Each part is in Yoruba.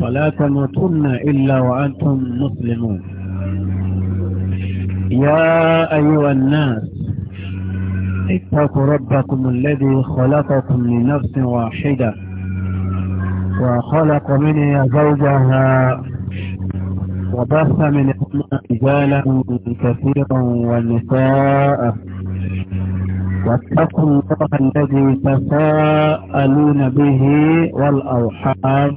ولا تموتن إلا وأنتم مسلمون يا أيها الناس اتقوا ربكم الذي خلقكم من نفس واحدة وخلق منها زوجها وبث من رجالا كثيرا ونساء واتقوا الله الذي تساءلون به والأرحام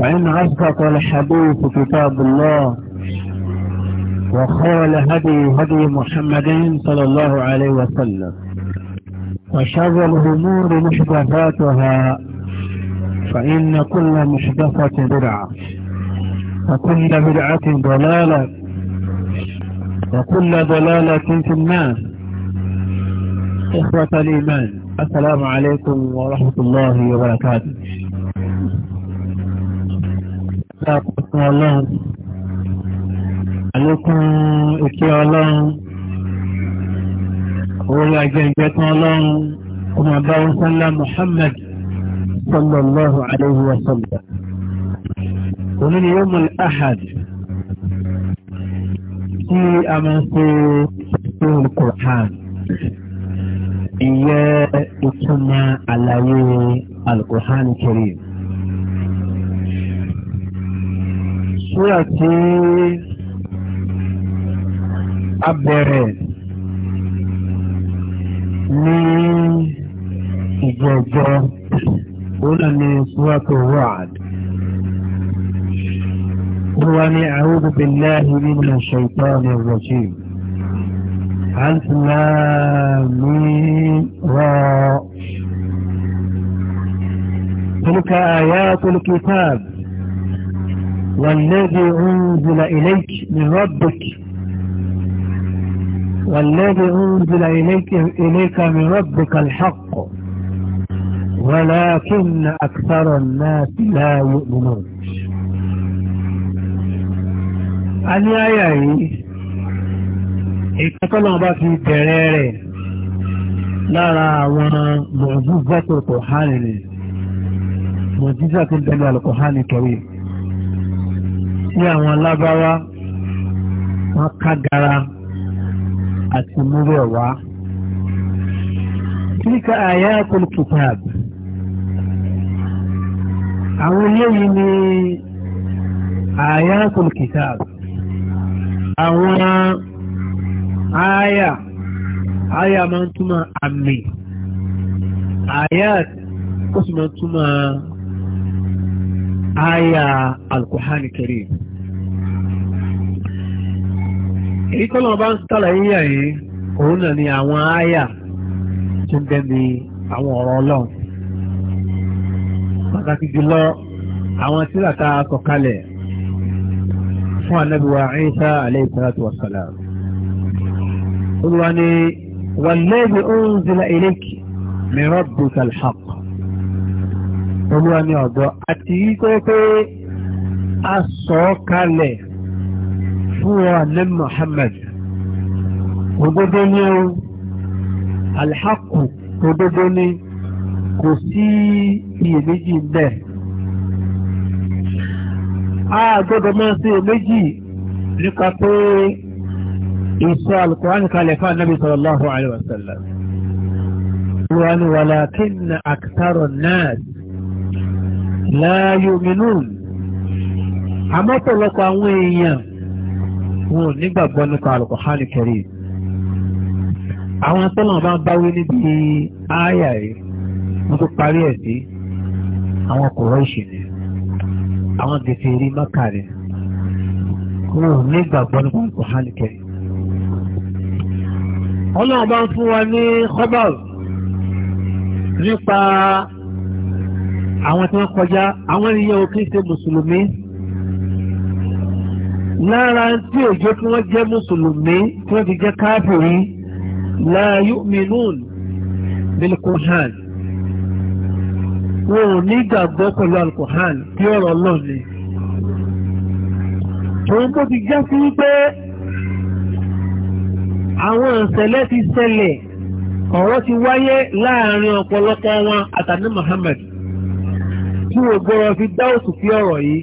فإن أصدق الحديث كتاب الله وقال هدي هدي محمد صلى الله عليه وسلم وشر الأمور محدثاتها فإن كل محدثة برعة وكل برعة ضلالة وكل ضلالة في الناس إخوة الإيمان السلام عليكم ورحمة الله وبركاته àkókò ọlọ́run àlékún ìké ọlọ́run orí ajẹ́jẹ́ tán ọlọ́run ọmọ báwọn sálá Muhammad sallallahu alayhi wa sallam òní ni yóò mú ahad tí a máa ń ṣe ìṣòro Qur'an ìyẹ́ ìtumọ̀ àlàyé al-Qur'an Karim súrà tí a bẹ̀rẹ̀ ní ìjọjọ́ òun náà ni súrà tó Ra'd. وأن أعوذ بالله من الشيطان الرجيم ألف لام را تلك آيات الكتاب والذي أنزل إليك من ربك والذي أنزل إليك, إليك من ربك الحق ولكن أكثر الناس لا يؤمنون اني اي اي fi bẹ̀rẹ̀ rẹ̀ لا àwọn mọ̀jíṣẹ́ tó kò hánì ni mọ̀jíṣẹ́ tí àwọn alábáwá wọn kágara àti múlẹ̀ wá. Tíríkà ayatul kitab. Àwọn eléyìí ni ayatul kitab. Àwọn aya aya máa ń túmọ̀ àmì. Ayat ó sì máa ń túmọ̀ àmì àyà alkùhánì kẹrì èyí tọ́lọ̀ bá ń sàlàyé yà yìí òun náà ni àwọn àyà tó ń dẹ́bi àwọn ọ̀rọ̀ ọlọ́run pàtàkì jùlọ àwọn tírà tá a fún anábìwá Isa alayhi salatu wa wàlẹ́bí ó ń zilà ilayki olúwa ní ọ̀dọ́ àti wípé pé a sọ ọ́ kalẹ̀ fún ọ ní Muhammad òdodo ní o alhaku òdodo ní kò sí iyèméjì bẹ́ẹ̀ a gbọ́dọ̀ máa sí iyèméjì nípa pé ìsọ alukùránì kalẹ̀ fún anábì sallallahu alaihi wasallam wọ́n ni wàlá kí náà láàyò mìíràn àmọ́ pọ̀lọpọ̀ àwọn èèyàn wọn ò nígbàgbọ́ nípa Al-Qur'an Karim àwọn tọ́lọ̀ bá ń báwé níbi ááyà rẹ̀ wọ́n tó parí ẹ̀ sí àwọn Kùráìṣì ni àwọn gẹ̀fẹ̀rí Mákà rẹ̀ wọn nígbàgbọ́ nípa Al-Qur'an Karim ọlọ́run bá ń fún wa ní kọ́bà nípa àwọn tí wọ́n kọjá àwọn ènìyàn ò kí ṣe mùsùlùmí lára tí òjò tí wọ́n jẹ́ mùsùlùmí tí wọ́n ti jẹ́ káàbùrí la yu'minun bilkuhan wọn ò ní gbàgbọ́ pẹ̀lú alkuhan tí ọ̀rọ̀ lọ́nìí òun bó ti já sí wípé àwọn ìṣẹ̀lẹ̀ ti ṣẹlẹ̀ ọ̀rọ̀ ti wáyé láàrin ọ̀pọ̀lọpọ̀ wọn àtàní Muhammad tí o gbọ́rọ̀ fi dá òtù sí ọ̀rọ̀ yìí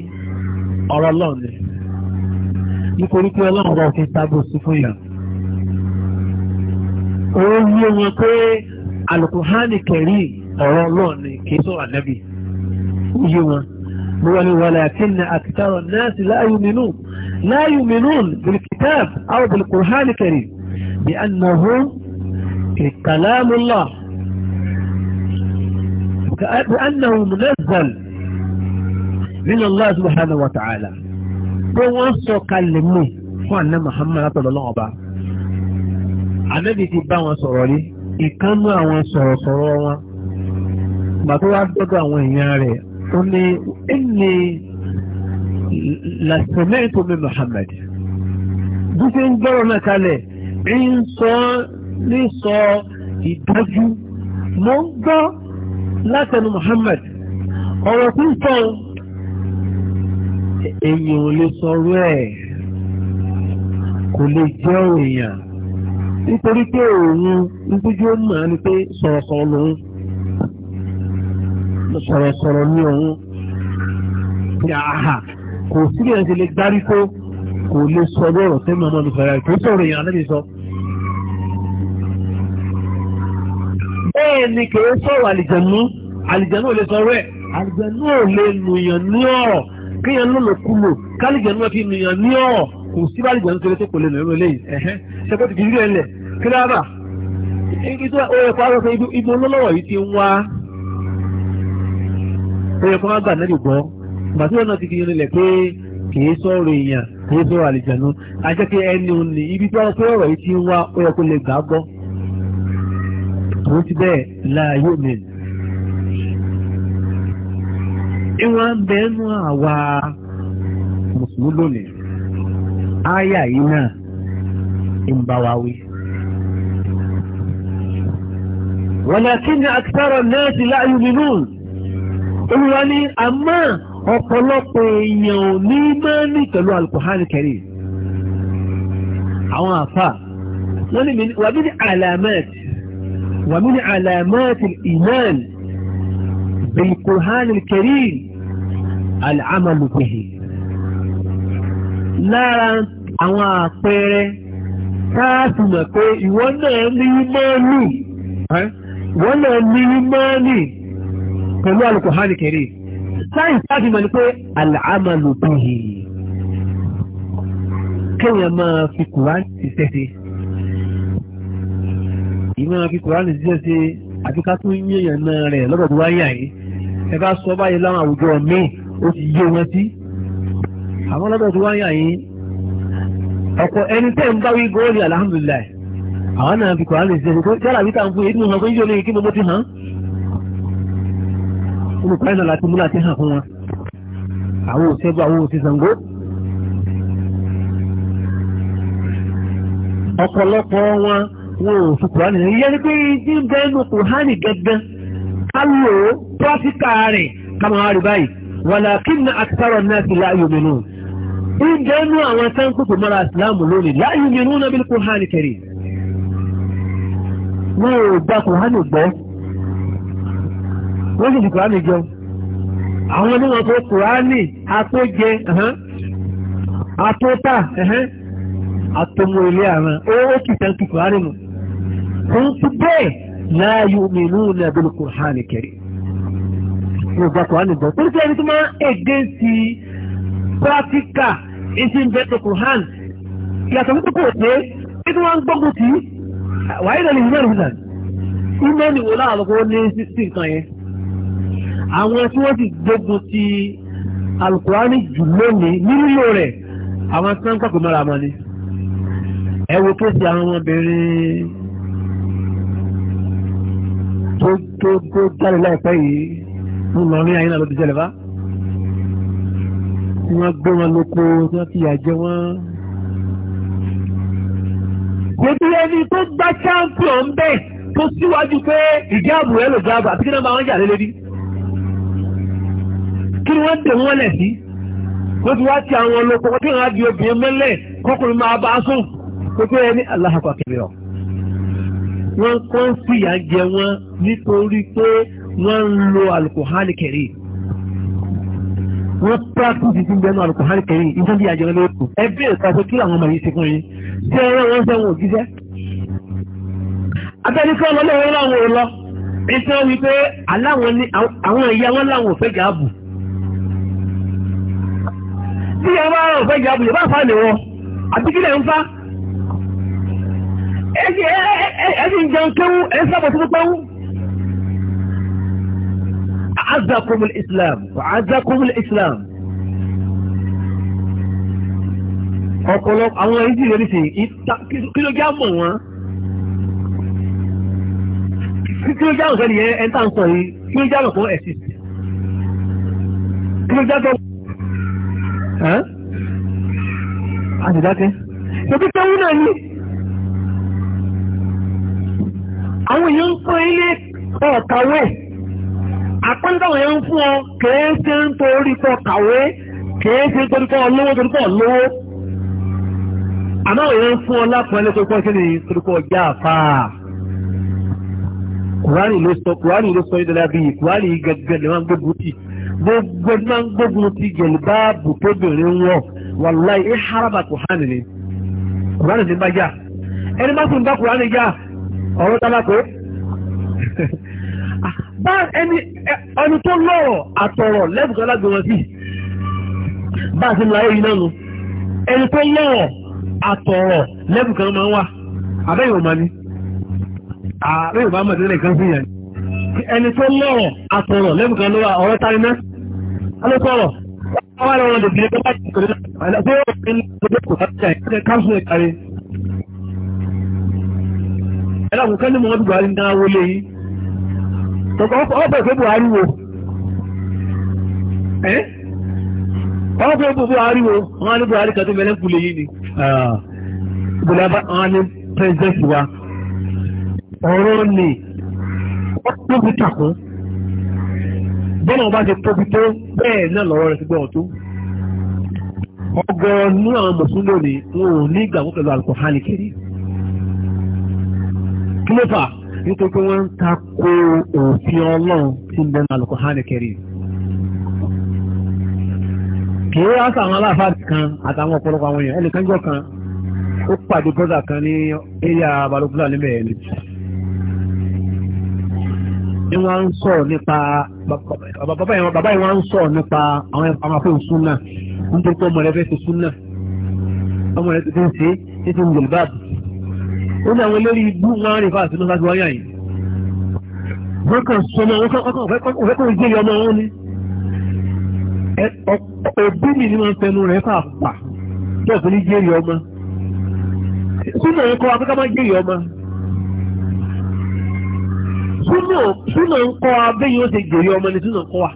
ọ̀rọ̀ Ọlọ́run ni nítorí pé Ọlọ́run bá fi tábò sí fún yà òun yé wọn pé alukuhani kẹrí ọ̀rọ̀ Ọlọ́run ni kì í sọ ànábì yé wọn mo wà ní wàlẹ̀ àti ní àkìtàrọ̀ náàsì láàyò mìíràn láàyò mìíràn bilkitab àwọn bilkuhani kẹrí bí annahu kalamu Allah بأنه منزل nínú Allah subhanahu wa ta'ala pé wọ́n sọ kalẹ̀ mú fún àná Muhammad sallallahu ọba ànábì ti bá wọn sọ̀rọ̀ rí ìkánú àwọn sọ̀rọ̀sọ̀rọ̀ wọn gbàtọ́ wá dọ́dọ̀ àwọn èèyàn rẹ̀ ó ní ẹni làṣẹmẹ́ẹ̀tò mi Muhammad bí ń gbọ́rọ̀ náà kalẹ̀ ń sọ ní sọ ìdájú mo ń gbọ́ látẹnu Muhammad ọ̀rọ̀ tí ń sọ èyí ò lè sọ̀rọ̀ ẹ̀ kò lè jẹ́ èèyàn nítorí pé òun nítorí ó mọ̀ ni pé sọ̀rọ̀sọ̀rọ̀ lòun sọ̀rọ̀sọ̀rọ̀ ni òun yàhà kò sí lè ṣe lè gbárí tó kò lè sọ lọ́rọ̀ tó mọ̀ mọ́ni fẹ́ra kò sọ̀rọ̀ èèyàn lẹ́bi sọ. bẹ́ẹ̀ ni kò sọ̀rọ̀ àlìjẹ̀nú àlìjẹ̀nú ò lè sọ̀rọ̀ ẹ̀ àlìjẹ̀nú ò lè lùyàn ní ọ̀rọ̀ kéèyàn lọ́nà kú lò kálíjẹ̀ náà fi nìyàn ní ọ̀ kò sí bálíjẹ̀ ń tẹ́lẹ̀ tó kò lè nà ẹ̀rọ eléyìí ẹ̀hẹ́n ṣẹ́kọ́ ti fi rí ẹ̀lẹ̀ kíláàbà ó yẹ kó wá sọ ibi olólọ́wọ̀ yìí ti ń wá ó yẹ kó wá gbà nẹ́bì gbọ́ bàtí wọn náà ti fi rinlẹ̀ pé kìí sọ̀rọ̀ èèyàn kìí sọ̀rọ̀ àlìjẹ̀nu ajẹ́ pé ẹni òun ní ibi tí wọ́n pé ọ̀rọ̀ yìí ti ń wá ó yẹ kó lè gbà á gbọ́ àwọn ti bẹ́ẹ̀ láàyò mìíràn ìwọ̀n bẹ́ẹ̀nu àwa mùsùlùmí lónìí áyà yìí náà ń bá wa wí. walakin akthara an-nasi la yu'minun olúwa ní àmọ́ ọ̀pọ̀lọpọ̀ èèyàn ò ní máa ní pẹ̀lú al-Qur'an àwọn àfà wọ́n ní wàmí ní àlàmẹ́ẹ̀tì wàmí ní àlàmẹ́ẹ̀tì ìmáàlì بالقرآن الكريم العمل به lára àwọn àpẹẹrẹ káàsì mọ̀ pé ìwọ náà ní mọ́ọ̀lù ìwọ náà ní mọ́ọ̀lù pẹ̀lú al-Qur'an al-Karim sáyìn káàsì mọ̀ ní pé al-amalu bihi kéèyàn máa fi kùránì ṣiṣẹ́ ṣe ìmọ̀ fi kùránì ṣiṣẹ́ ṣe àti ká tún yíyàn náà rẹ̀ lọ́dọ̀ tó wáyà yìí ẹ bá sọ báyìí láwọn àwùjọ míì ó ti yé wọn sí. àwọn ọlọ́dọ̀ tó wáyà yín ọ̀pọ̀ ẹni tẹ́ ń bá wí góòlì alhamdulilayi àwọn náà fi kọ́ra lè ṣe kó yálà wíta ń fún yìí nínú ọkọ̀ yíyọ lóye kí mo ti hàn. olùkọ́ ẹ̀ náà láti mú láti hàn fún wọn. àwọn ò sẹ́gun àwọn ò ti Ṣàngó. ọ̀pọ̀lọpọ̀ wọn wọn ò fi kọ́ra nìyẹn yẹ́nì pé ní bẹ́ẹ̀ káwò pọ́síkà rẹ̀ kàmàárì báyìí walakinna akthara an-nasi la yu'minun ìjẹ́ inú àwọn sáńkùkù mọ́ra ìsìláàmù lónìí la yu'minuna bil Qur'ani karim wọ́n ò gba àtòmò ilé àrùn ó kìtẹ́ kí Kùránì mu fún ti bẹ́ẹ̀ la yu'minuna bil Qur'an al-Karim mo gba kò hánì bọ̀ torí pé ẹni tó máa èdè sí pírátíkà èsì ń bẹ́ẹ̀ kò hàn yàtọ̀ nípa kò pé kí ni wọ́n ń gbọ́gbọ́ sí wàá yìí lọ lè yí mẹ́rin nà ìmọ̀ ni wò láwọn ọkọ̀ ní sí nǹkan yẹn àwọn tí wọ́n ti gbógun ti alukurani jù lónìí nílò rẹ̀ àwọn tí wọ́n ń pàpẹ́ ni ẹ wo kéèsì àwọn ọmọbìnrin tó tó jáde láìpẹ́ yìí mo lọ rí ayé náà ló ti jẹlẹ̀ bá tí wọ́n gbé wọn lóko tí wọ́n fìyà jẹ wọ́n. Gbogbo ẹni tó gbá champion bẹ́ẹ̀ tó síwájú pé ìjáàbù rẹ̀ lò jáàbù àti kí náà máa ń jà lélẹ́bí. Kí ni wọ́n dè wọ́n lẹ̀ sí? Wọ́n ti wá ti àwọn olóko wọ́n ti rán adìyẹ obìnrin mẹ́lẹ̀ kọ́kùnrin máa bá a sùn. Gbogbo ẹni aláhàkọ́ kẹ̀mí ọ̀. wọ́n kọ́ ń fìyà jẹ wọ́n nítorí pé wọ́n ń lo alukóhálì kẹrì wọ́n pàtàkì ti bẹ́ẹ̀ náà alukóhálì kẹrì ìjọba ìyá jẹun lóòkù ẹbí ẹ̀ka pé kí àwọn ọmọ yìí ti fún yín tí ẹ rán wọn sẹ́wọ̀n òjíṣẹ́. abẹ́ni kí wọ́n lọ́wọ́ láwọn ò lọ iṣẹ́ wípé àwọn ìyá wọn láwọn ò fẹ́ jà bù tí ìyá wọn ò fẹ́ jà bù yóò ẹ̀sì ń jẹun kéwú ẹ̀sì àbọ̀ tó pẹ́wú. Azakumul Islam, Azakumul Islam. Ọ̀pọ̀lọpọ̀ àwọn ìdí rẹ̀ nìsí, kí ló já mọ̀ wọn? Kí ló já mọ̀ sẹ́ni yẹn ẹ̀ńtà ń sọ yìí? Kí ló já fún ẹ̀sì? Kí ló já tó? Àṣìdákẹ́. Ṣé bí kéwú àwọn èèyàn ń pọ́n ilé ọ̀kàwé àpẹ́ntàwọn èèyàn ń fún ọ kèé ṣe ń torí pọ̀ kàwé kèé ṣe ń torí pọ̀ lówó torí pọ̀ lówó àmọ́ èèyàn ń fún ọ lápọ̀ ẹlẹ́ torí pọ̀ ṣe ní torí pọ̀ já àfà kùránì ló sọ kùránì ló sọ ìdọ́lá bíi kùránì gẹ́gẹ́ lè máa ń gbógun tì gbogbo máa ń gbógun tì gẹ̀lú báàbù tóbìnrin wọ̀ wàláì ẹ̀ hárabà ni kùránì ti bá já ẹni bá tún bá kùránì já ọ̀rọ̀ tá a máa pè é. bá ẹni ẹni tó lọ́rọ̀ àtọ̀rọ̀ lẹ́bùkọ́ lágbèrè sí bá a ti láyé yìí náà nu ẹni tó lọ́rọ̀ àtọ̀rọ̀ lẹ́bùkọ́ máa ń wà abẹ́yẹ̀ òmà ni ààrẹ ìbá mọ̀dílẹ̀ kan sí yẹn ẹni tó lọ́rọ̀ àtọ̀rọ̀ lẹ́bùkọ́ ló wà ọ̀rọ̀ tá iná alókọ̀rọ̀ wọ́n wá lọ́rọ̀ lè fi ẹgbẹ́ bá ti ẹlọ́gùn kẹ́lú mọ́ ọdún buhari náà wọlé yìí ọ̀pọ̀ ìfẹ́ buhari wo ọ̀pọ̀ ìfẹ́ buhari wo wọ́n ní buhari kàtó mẹ́lẹ́ kúlé yìí ni bùlábà wọ́n ní president wa ọ̀rọ̀ ni tóbi takùn bọ́nà ọba ti tóbi tó bẹ́ẹ̀ náà lọ́rọ̀ rẹ̀ ti gbọ́ ọ̀tún ọgọ́rùn-ún àwọn mùsùlùmí wọn ò ní ìgbàgbọ́ pẹ̀lú alukọ̀hánì kiri lẹ́fà nítorí pé wọ́n ń takò òfin ọlọ́run tí ń bẹ́ẹ̀ alùpùpù hánìkẹ́rì. kìí wá sàwọn aláàfáà kan àtàwọn ọ̀pọ̀lọpọ̀ àwọn èèyàn ẹnìkan jọ kan ó pàdé bọ́dà kan ní eré balógunlá níbẹ̀ ẹni. ni wọ́n ń sọ̀rọ̀ nípa bàbá yìí wọ́n ń sọ̀rọ̀ nípa àwọn afẹ́ òsúnà nítorí pé ọmọ rẹ̀ fẹ́ ti súnà ọmọ rẹ̀ ti fi ń ṣe é ti ń gbèlú báàbù ó ní àwọn olórí igbó wọn rìn fáàsì ló sáájú wáyà yìí wọ́n kàn sọmọ wọ́n kàn ọ̀fẹ́ kò jẹ́ ọmọ wọn ni òbí mi ni wọ́n fẹnu rẹ̀ fà pa tó fi ní jẹ́rì ọmọ súnà ń kọ́ abẹ́ká má jẹ́rì ọmọ súnà ń kọ́ abẹ́yìn ó ti jẹ́rì ọmọ ni súnà ń kọ́ wa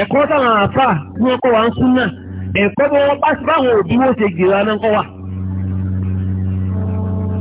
ẹ̀kọ́ táwọn àfà tí wọ́n kọ́ wa ń súnà ẹ̀kọ́ bí wọ́n bá sí báwọn òbí wọ́n ti jẹ́rì ọmọ ń kọ́ wa.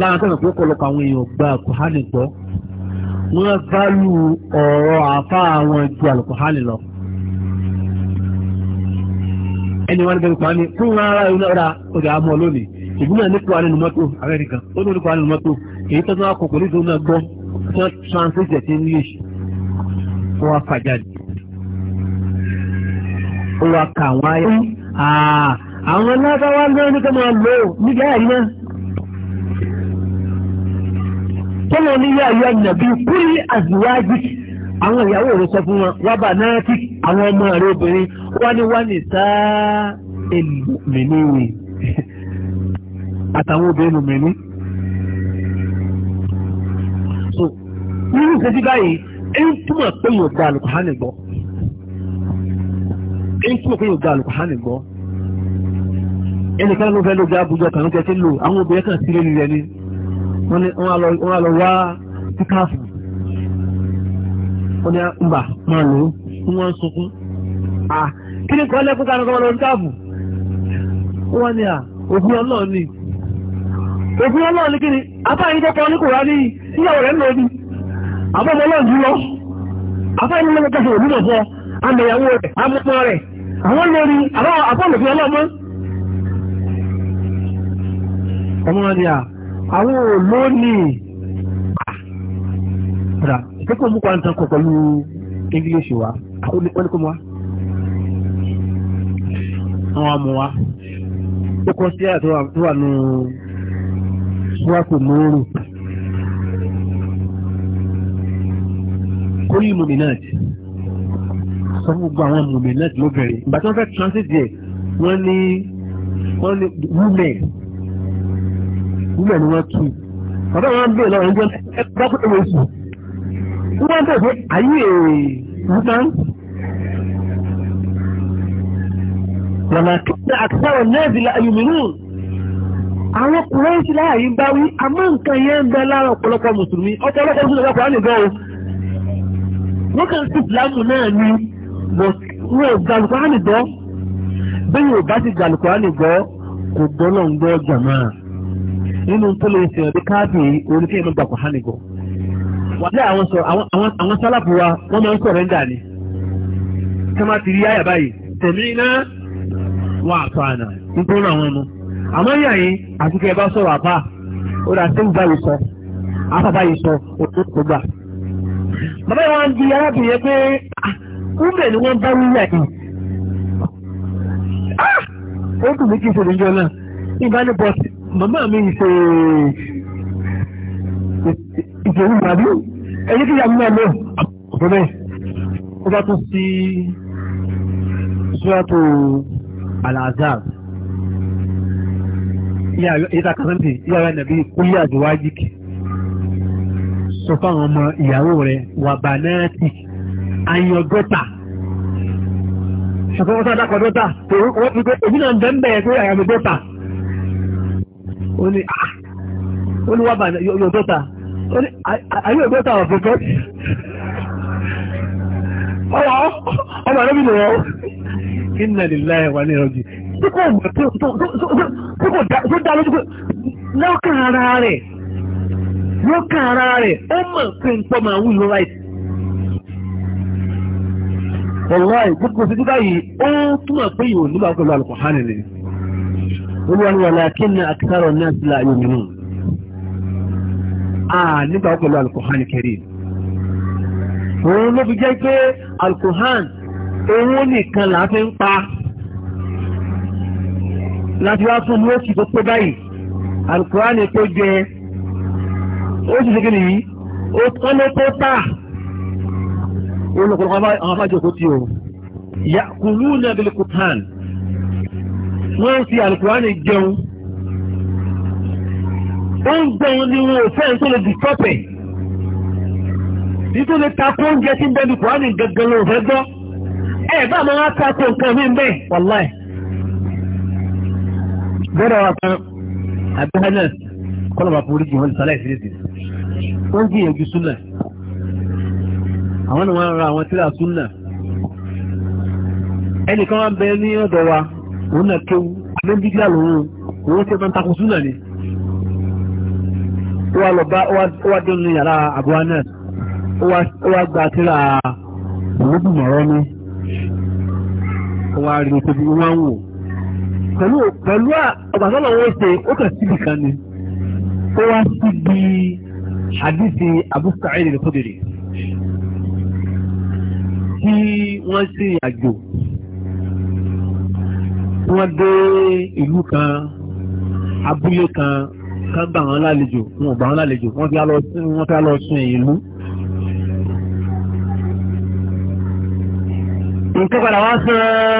láwọn tẹ́lẹ̀ pé kọlọpọ̀ àwọn èèyàn gba kùhánì gbọ́ wọ́n bálù ọ̀rọ̀ àfá àwọn ju àlùkùhánì lọ ẹni wọn bẹ̀rẹ̀ kùhánì fún wọn ará ìlú ọ̀dà ọ̀dà àmọ́ lónìí ìgbìmọ̀ ní kùhánì ní mọ́tò amẹ́ríkà ó ní kùhánì ní mọ́tò èyí tó náà kò pẹ̀lú ìdó náà gbọ́ tó translate it english wọ́n wá fàjáde ó wá kà wọ́n ayé àwọn alábáwá lórí ní kọ́ máa lò ó nígbà náà tọ́lọ́ ní yá ayọ́ nàbí kúlí àzùwájì àwọn ìyàwó rẹ̀ sọ fún wọn wá bà náà àwọn ọmọ rẹ̀ obìnrin wá ní wá ní sáà èlù mìíní àtàwọn obìnrin mìíní. so nínú ìṣẹ́jú báyìí ẹni túmọ̀ pé yóò gba àlùkùhánì gbọ́ ẹni túmọ̀ pé yóò gba àlùkùhánì gbọ́ ẹnìkan ló fẹ́ ló gba àbújọ kàn ló jẹ́ sí lò àwọn obìnrin kan sílé nílẹ̀ ni. wọ́n ní wọ́n lọ wá síkáàfù wọ́n ní mbà máa lò ó wọ́n ń à kí ni kọ́ lẹ́kún káàkiri kọ́ lọ síkáàfù wọ́n ní à òfin ọlọ́ọ̀ ni òfin ọlọ́ọ̀ ni kí ni tó kọ́ ní ní ìyàwó rẹ̀ ọlọ́ọ̀ lọ ní lọ́wọ́ kẹsàn-án òbí àwọn òmóòní rà pé kò mú kwanta kọ pẹ̀lú english wa wọ́n kò mú wa àwọn amú wa ó kọ́ sí àti tó wà nù wákò mòórù kó yí mòmìnàt sọ gbogbo àwọn mòmìnàt lóbìnrin ìgbà tí wọ́n fẹ́ transit there wọ́n ní wọ́n ní women ìpínlẹ̀ ni wọ́n kí ọ̀dọ́ wọn bèèrè lọ́wọ́ ẹgbẹ́ ẹgbẹ́ ẹgbẹ́ oṣù wọ́n bèèrè pé ayé ìwúkan lọ́nà kíkẹ́ àtúntàwọn nẹ́ẹ̀sì ayùmínú àwọn kùnrin sí láàyè bá wí àmọ́ nǹkan yẹn ń bẹ lára ọ̀pọ̀lọpọ̀ mùsùlùmí ọ̀pọ̀lọpọ̀ sí lọ́pọ̀ á lè gbọ́ o wọ́n kàn sí ìsìlámù náà ni wọ́n ò gbàlùkọ́ á lè gbọ́ bẹ́ẹ̀ ò bá ti gbàlùkọ́ á lè gbọ́ kò gbọ́ náà ń gbọ́ jàmáà. nínú tó lè ṣe ọ̀dí káàdì oníkẹ́ ìmọ̀ gbàgbọ́ hánìgọ̀ wà ní àwọn sọ àwọn sálàpù wa wọ́n máa ń sọ̀rọ̀ ń dà ní wọ́n ti rí àyà báyìí tẹ̀mí iná wà àtọ̀ àná nítorí àwọn ọmọ àmọ́ yà yín àti kẹ́ ẹ bá sọ̀rọ̀ àbá ó dà sí ìgbà yìí sọ àbá báyìí sọ gbà. bàbá yìí wọ́n di arábìnrin ah, wọ́n bá màmá mi ṣe ìṣòro ìgbàdí ẹ̀yẹ́ kí yàmú náà lọ ọ̀pọ̀ bẹ́ẹ̀ ó bá tún sí sọ́yàtò alazab ìyá kàtàntì yàrá nàbí kúlí àjọwájíkì sọ fáwọn ọmọ ìyàwó rẹ̀ wà bànáàtì ayọ̀gọ́ta ṣùgbọ́n wọ́n sá dákọ̀ dọ́ta òun náà ń bẹ́ẹ̀ pé àyàmì dọ́ta oní oníwàbà ah! your daughter oní àyè ògbóta ọ̀fẹ́fẹ́ ọwọ́ ọmọ ẹ̀rọ mi lè wọ́n iná nílá ẹ̀wà ní ọjọ́ tí kò mọ̀ tó dá lójú pé lọ́kàn ara rẹ̀ lọ́kàn ara rẹ̀ ó mọ̀ pé ń pọ́ máa wúlò láìsí ọ̀rọ̀ àìgbókòsí dídá yìí ó túmọ̀ pé ìwò nígbà pẹ̀lú alùpùpù hánì nìyí olúwa ni walakinna akthara an-nas la yu'minun ah nígbà wọ́n pẹ̀lú al-Qur'an al-Karim òun ló fi jẹ́ pé al-Qur'an owó nìkan là á fi tó jẹ ó sì ó tán tó tà ó lọ́pọ̀lọpọ̀ àwọn afájọ kó tí o ya'kuluna bil-Qur'an wọ́n ń fi àlùkùránì jẹun ó ń gbẹ̀hún ni wọn ò fẹ́ tó lè dìtọ́pẹ̀ nítorí takò oúnjẹ tí ń bẹ́ẹ̀ ní kùránì gẹ́gẹ́ ló fẹ́ gbọ́ ẹ bá máa takò nǹkan mi bẹ́ẹ̀ wàláì. bọ́dọ̀ wa kan abdulhanas kọ́lọ̀bà forí jù wọ́n sálẹ̀ ìfẹ́ ìdí wọ́n ń gbìyànjú súnà àwọn ni wọ́n ń ra àwọn tíra súnà ẹnìkan wá bẹ ní ọ̀dọ̀ wa òun náà kéwú abẹ́ńdígbà lòun òun ṣe máa ń takùn súnà ni ó wá lọ bá ó wá dúnú yàrá àbúrá náà ó wá gba tíra olóbùmọ̀rọ́ ní ó wá rí tóbi ó wá ń wò pẹ̀lú pẹ̀lú ọgbàsọ́lọ̀ wọn ṣe ó kàn síbi kan ni ó wá síbi hadisi Abu Sa'id al-Khudri tí wọ́n ṣe àjò tí wọ́n dé ìlú kan abúlé kan kan gbà wọ́n lálejò wọn ò gbà wọ́n lálejò wọ́n fi á lọ sùn ìlú. nǹkan padà wá sọ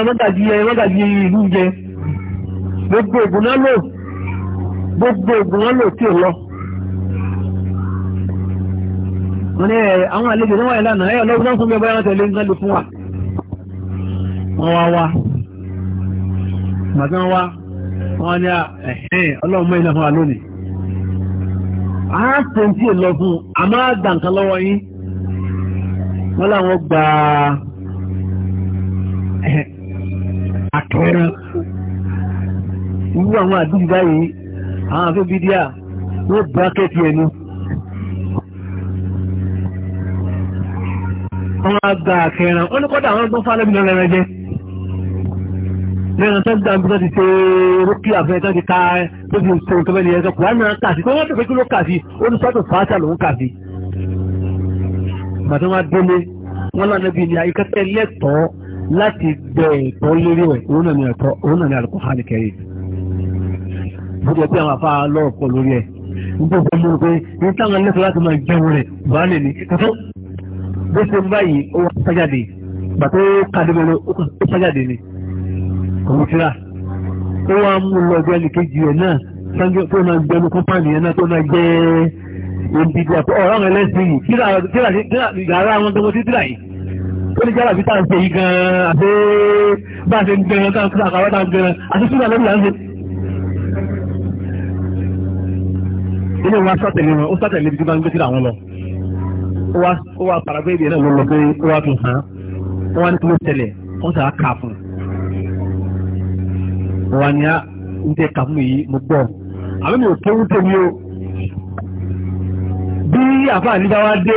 mọ́gàjí mọ́gàjí ìlú jẹ gbogbo ògùn náà lò gbogbo ògùn náà lò tí ò lọ. wọ́n ní àwọn àlejò náà wà lánàá ẹ̀ ọlọ́run náà fún mi ọba ẹran tẹ̀lé nǹkan lè fún wa. wọ́n wá wá màtán wá wọ́n ní ẹ̀hẹ́n ọlọ́run mẹ́rin fún wa lónìí a ṣe ń tí è lọ fún a máa dà nǹkan lọ́wọ́ yín wọ́n láwọn gba àtọ́rọ irú àwọn àdúgbò báyìí àwọn afẹ́bí díà wọ́n brákẹ́tì ẹnu wọ́n á gba àkẹran ó ní kọ́dà àwọn gbọ́n fálẹ́bí lọ́rẹ́rẹ́ jẹ́ lẹ́yìn tó gbà nígbà ti ṣe rókì àfẹ́ tó ti ka tó ti ṣe nǹkan mẹ́rin ẹ̀ka kùránì náà kà sí tó wọ́n tẹ̀fẹ́ kí ló kà sí ó ní sọ́tò fàáṣà ló ń kà sí. bàtà wọn délé wọn lànà bíi ní ayíkẹ́tẹ́ lẹ́tọ̀ọ́ láti gbẹ ẹ̀tọ́ lérí ẹ̀ òun náà ní ẹ̀tọ́ òun náà ní alukóhánì kẹrin. bó ti ẹ pé àwọn afá lọ́rọ̀ pọ̀ lórí ẹ̀ nítorí pé mo rò pé ní táwọn lẹ́tọ̀ọ́ láti máa jẹun rẹ̀ wà lè ní kẹtọ́ bó ṣe ń báyìí ó wá sájáde gbàtó kàdé mẹ́rin ó sájáde ni òun tíra ó wá mú lọ ọjọ́ ẹnìkejì ẹ̀ náà sanjó tó náà gbẹnu kọ́mpánì ẹ̀ náà tó náà jẹ́ òǹdíjì àpò ọ̀rọ̀ àwọn ẹlẹ́sìn yìí tíra tíra yàrá àwọn tó mọ sí tíra yìí ó ní jára bíta ń ṣe yìí gan-an àti bá a ṣe ń gbẹran tá a ṣe àkàrà tá a gbẹran àti súnà lẹ́nu là ń ṣe. inú wa sátẹ̀lé wọn ó sátẹ̀lé ibi tí wọ́n gbé sí àwọn lọ ó wá paragbé ibi náà ló lọ pé ó wá tún hàn án wọ́n wá ní kí ló tẹ̀lé wọ́n sà á kà fún un wà ní oúnjẹ ah, kàmú yìí mo gbọ́ àwọn ènìyàn kéwú tèmi o bí àfa àníbá wa dé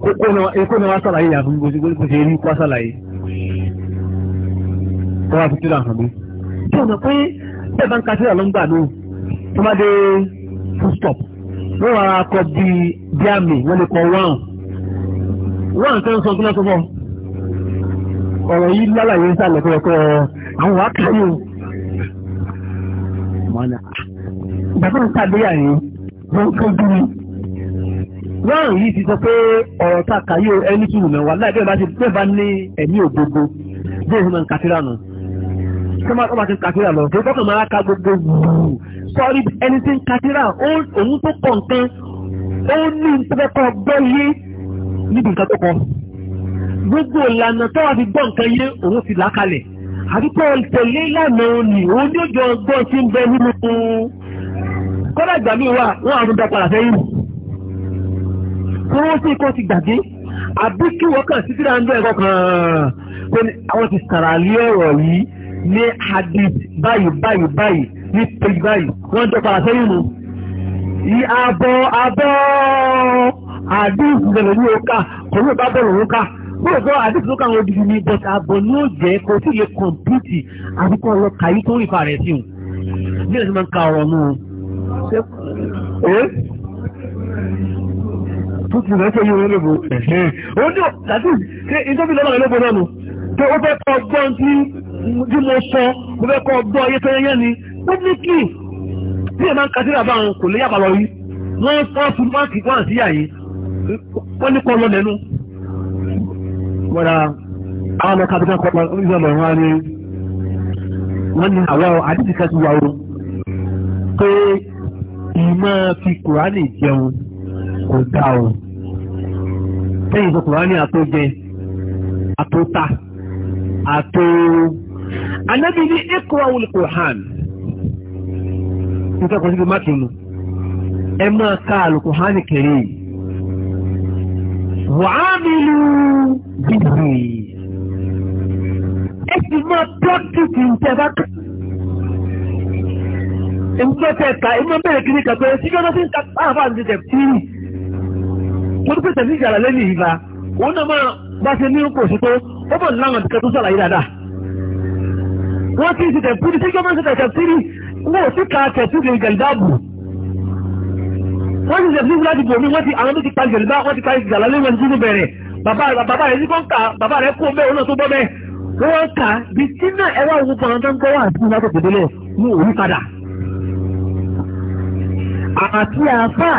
kókó náà wá sàlàyé àfún bó ṣe rí wá sàlàyé wọ́n wá fi tíra hàn mí tí ọ̀nà pé bẹ́ẹ̀ bá ń ka tíra ló ń gbà náà tó bá dé full stop wọ́n wá kọ bí bí àmì wọ́n lè kọ wọ́n wọ́n tẹ́ ń sọ kí wọ́n tó bọ̀ àwọn wà kà sí o. mọ́nà bàbá ń tàbíyà yẹn wọ́n ń kọ́jú mi. wọ́n yìí ti sọ pé ọ̀rọ̀ tá a kà yóò ẹni tù mẹ́ wà láì bẹ́ẹ̀ bá ti bẹ́ẹ̀ bá ní ẹ̀mí ògbógbó bí èyí máa ń kàtírà nù. sọ́mọ́ ọba ti ń kàtírà lọ tó tọ́kàn máa ká gbogbo wùú sọ́ọ́rí ẹni tí ń kàtírà òun tó kọ̀ nǹkan ó ní ìtọ́fẹ́kọ̀ gbọ́ yé níbi nǹkan tó kọ gbogbo ìlànà tó wà fi gbọ́ nǹkan yé òun fi làákalẹ̀ àdúgbò tẹ̀lé ìlànà òní òun ní òjò ọgbọ́n tí ń bẹ nínú kọ́dà ìgbà míì wà wọ́n àwọn ọdún padà sẹ́yìn wọ́n sì kọ́ ti gbàgbé àbí kí wọ́n kàn sí síra ń bẹ́ẹ̀ kọ́kàn pé àwọn ti sàrà lé ọ̀rọ̀ yìí ní hadith báyìí báyìí báyìí ní page báyìí wọ́n jọ padà sẹ́yìn mu àbọ̀ àbọ̀ àdúgbò ìgbẹ̀lẹ̀ ní Oka, kò ní ìbá bọ̀lù òkà lóòótọ́ àdìsí kan ó dìbò ní but àbọ̀ ní ó jẹ́ kó sì lè kọ̀mpútì àbíkọ́ lọ kàyí tó ìfà rẹ̀ sí òun bí ẹ̀sìn máa ń ka ọ̀rọ̀ nù tó ti lóbo ó ní àti ṣe ìtọ́jú lọ́wọ́ rẹ̀ lóbo náà nù ó fẹ́ kọ́ ọgbọ́n tí mo sọ mo fẹ́ kọ́ ọgbọ́n ayé fẹ́ yẹn ni pọ́blíkì bí ẹ̀ máa ń ka sí àbá àwọn kò lè yàgbà lọ yìí wọ́n fọ́ fún máàkì wọ́n àti yà yìí wọ́n ní kọ́ lọ lẹ́nu mọ́ra àwọn ọmọ kápítà kọ́pọ̀ ìṣẹ̀lẹ̀ wọn ni wọ́n ní àwọn àdìsí kan ti wà o pé ìmọ̀ fi kùránì jẹun kò dá o lẹ́yìn tó kùránì àtọ́jẹ àtọ́ta àtọ́ anábì ní ẹ̀kọ́ àwọn olùkùrán nígbà kan síbi mákìnnù ẹ máa ká àlùkùránì kẹrin yìí wàhámìlú bìbì ẹ sì máa pọ́kìtì ìjẹba kan ìmúgbẹ́tẹ̀ẹ̀ka ìmọ̀ bẹ̀rẹ̀ kiri kàgbẹ́ síjọ́ náà fi ń ta àbá àti tẹ̀pìtì mo dúpẹ́ tẹ̀sí ìjà lálẹ́ ní ìbá òun náà máa bá ṣe ní kò sí pé ó bọ̀ láwọn ìkẹ́ tó sàlàyé dáadáa wọ́n ti ṣe tẹ̀pìtì síjọ́ máa ń ṣe tẹ̀pìtì wọ́n ò sì ka tẹ̀pìtì ìjẹ̀ldáàbù wọ́n ti ṣẹ̀fún láti bò mí wọ́n ti àwọn tó ti parí ìjọba wọ́n ti parí ìjàlá léwọ̀n nínú bẹ̀rẹ̀ bàbá rẹ̀ nípa ń kà bàbá rẹ̀ kó bẹ́ẹ̀ náà tó bọ́ bẹ́ẹ̀ wọ́n kà bí tí náà ẹwà òun pa àwọn tó ń kọ́ wà sí ìlàkọ̀ tó délẹ̀ ní òun padà. àti àfà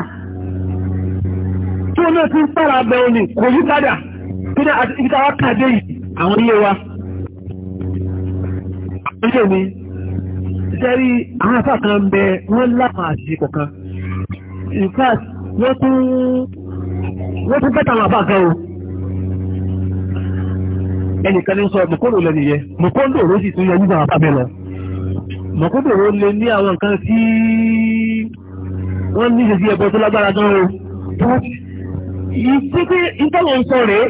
tó náà ti ń sára bẹ òní kò yí padà tó náà àti ìta wa kàdé yìí àwọn ilé wa. àwọn ilé mi sẹ́rí àwọn àfà kan bẹ wọ́n láwọn àṣìṣe kọ̀ọ̀kan in fact wọ́n tún wọ́n tún bẹ́tà àwọn àbáàkan o ẹnìkan ní sọ mọ̀kóńdò lẹ́nu yẹ mọ̀kóńdò ló sì tún yẹ nígbà àbá bẹ́ẹ̀ lọ mọ̀kóńdò ló lè ní àwọn nǹkan tí wọ́n ní ìṣèjì ẹ̀bọ tó lágbára gan o ìṣe pé ìtọ́wọ̀ ń sọ rèé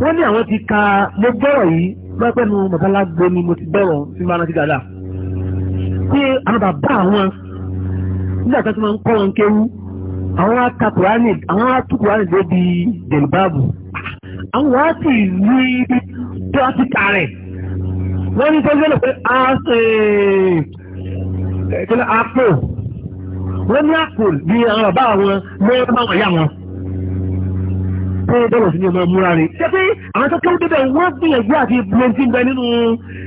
wọ́n ní àwọn ti ka mo gbọ́rọ̀ yìí pẹ́pẹ́nu mọ̀tálá gbé ni mo ti bẹ̀rọ̀ sí máa rántí dáadáa pé àwọn bàbá àwọn nígbà tó máa ń kọ́ wọn kéwú àwọn atakùránì àwọn atukùránì ló di dèlbáàbù àwọn wàá sì rí ibi tó a ti kàrẹ̀ wọ́n ní tọ́jú ẹ̀lọ́ a ṣe ìpínlẹ̀ apò wọ́n ní àpò bí àwọn bàbá àwọn mẹ́rin máa wọ̀ yá wọn pé bọ́ọ̀lù sí ni ọmọ múra rẹ̀ ṣé pé àwọn tó kéwú débẹ̀ wọ́n gbìyànjú àti blẹ̀ntì bẹ nínú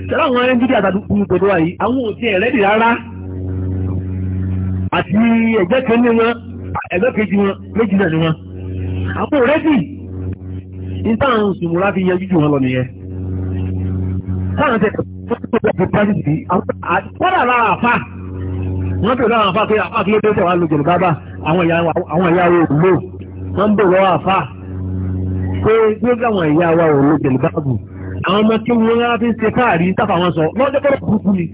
ṣẹlẹ̀ àwọn ẹnjídì àtàdúgbò gbọdọ̀ wáyé àwọn òsì ẹ̀rẹ́dì rárá àti ẹgbẹ́ kan ní wọn ẹgbẹ́ kejì wọn méjì náà ni wọn. àpò rẹ́dì ìtàn sùmùrà fi yanjú jù wọn lọ nìyẹn. táwọn tẹ̀ kọ́dà lára àfà wọ́n bèèrè láwọn àfà pé àfà kí ló dé tẹ̀wá lójú bàbá àwọn ìyá wa ò lò wọ́n bèèrè lọ́wọ́ àfà pé bí ó gbé àwọn ìyá wa ò lò jẹ̀lú báàbù àwọn ọmọ tí wọ́n rárá fi ń ṣe káàrí táfà wọn sọ lọ́jọ́ kọ́dà burúkú ni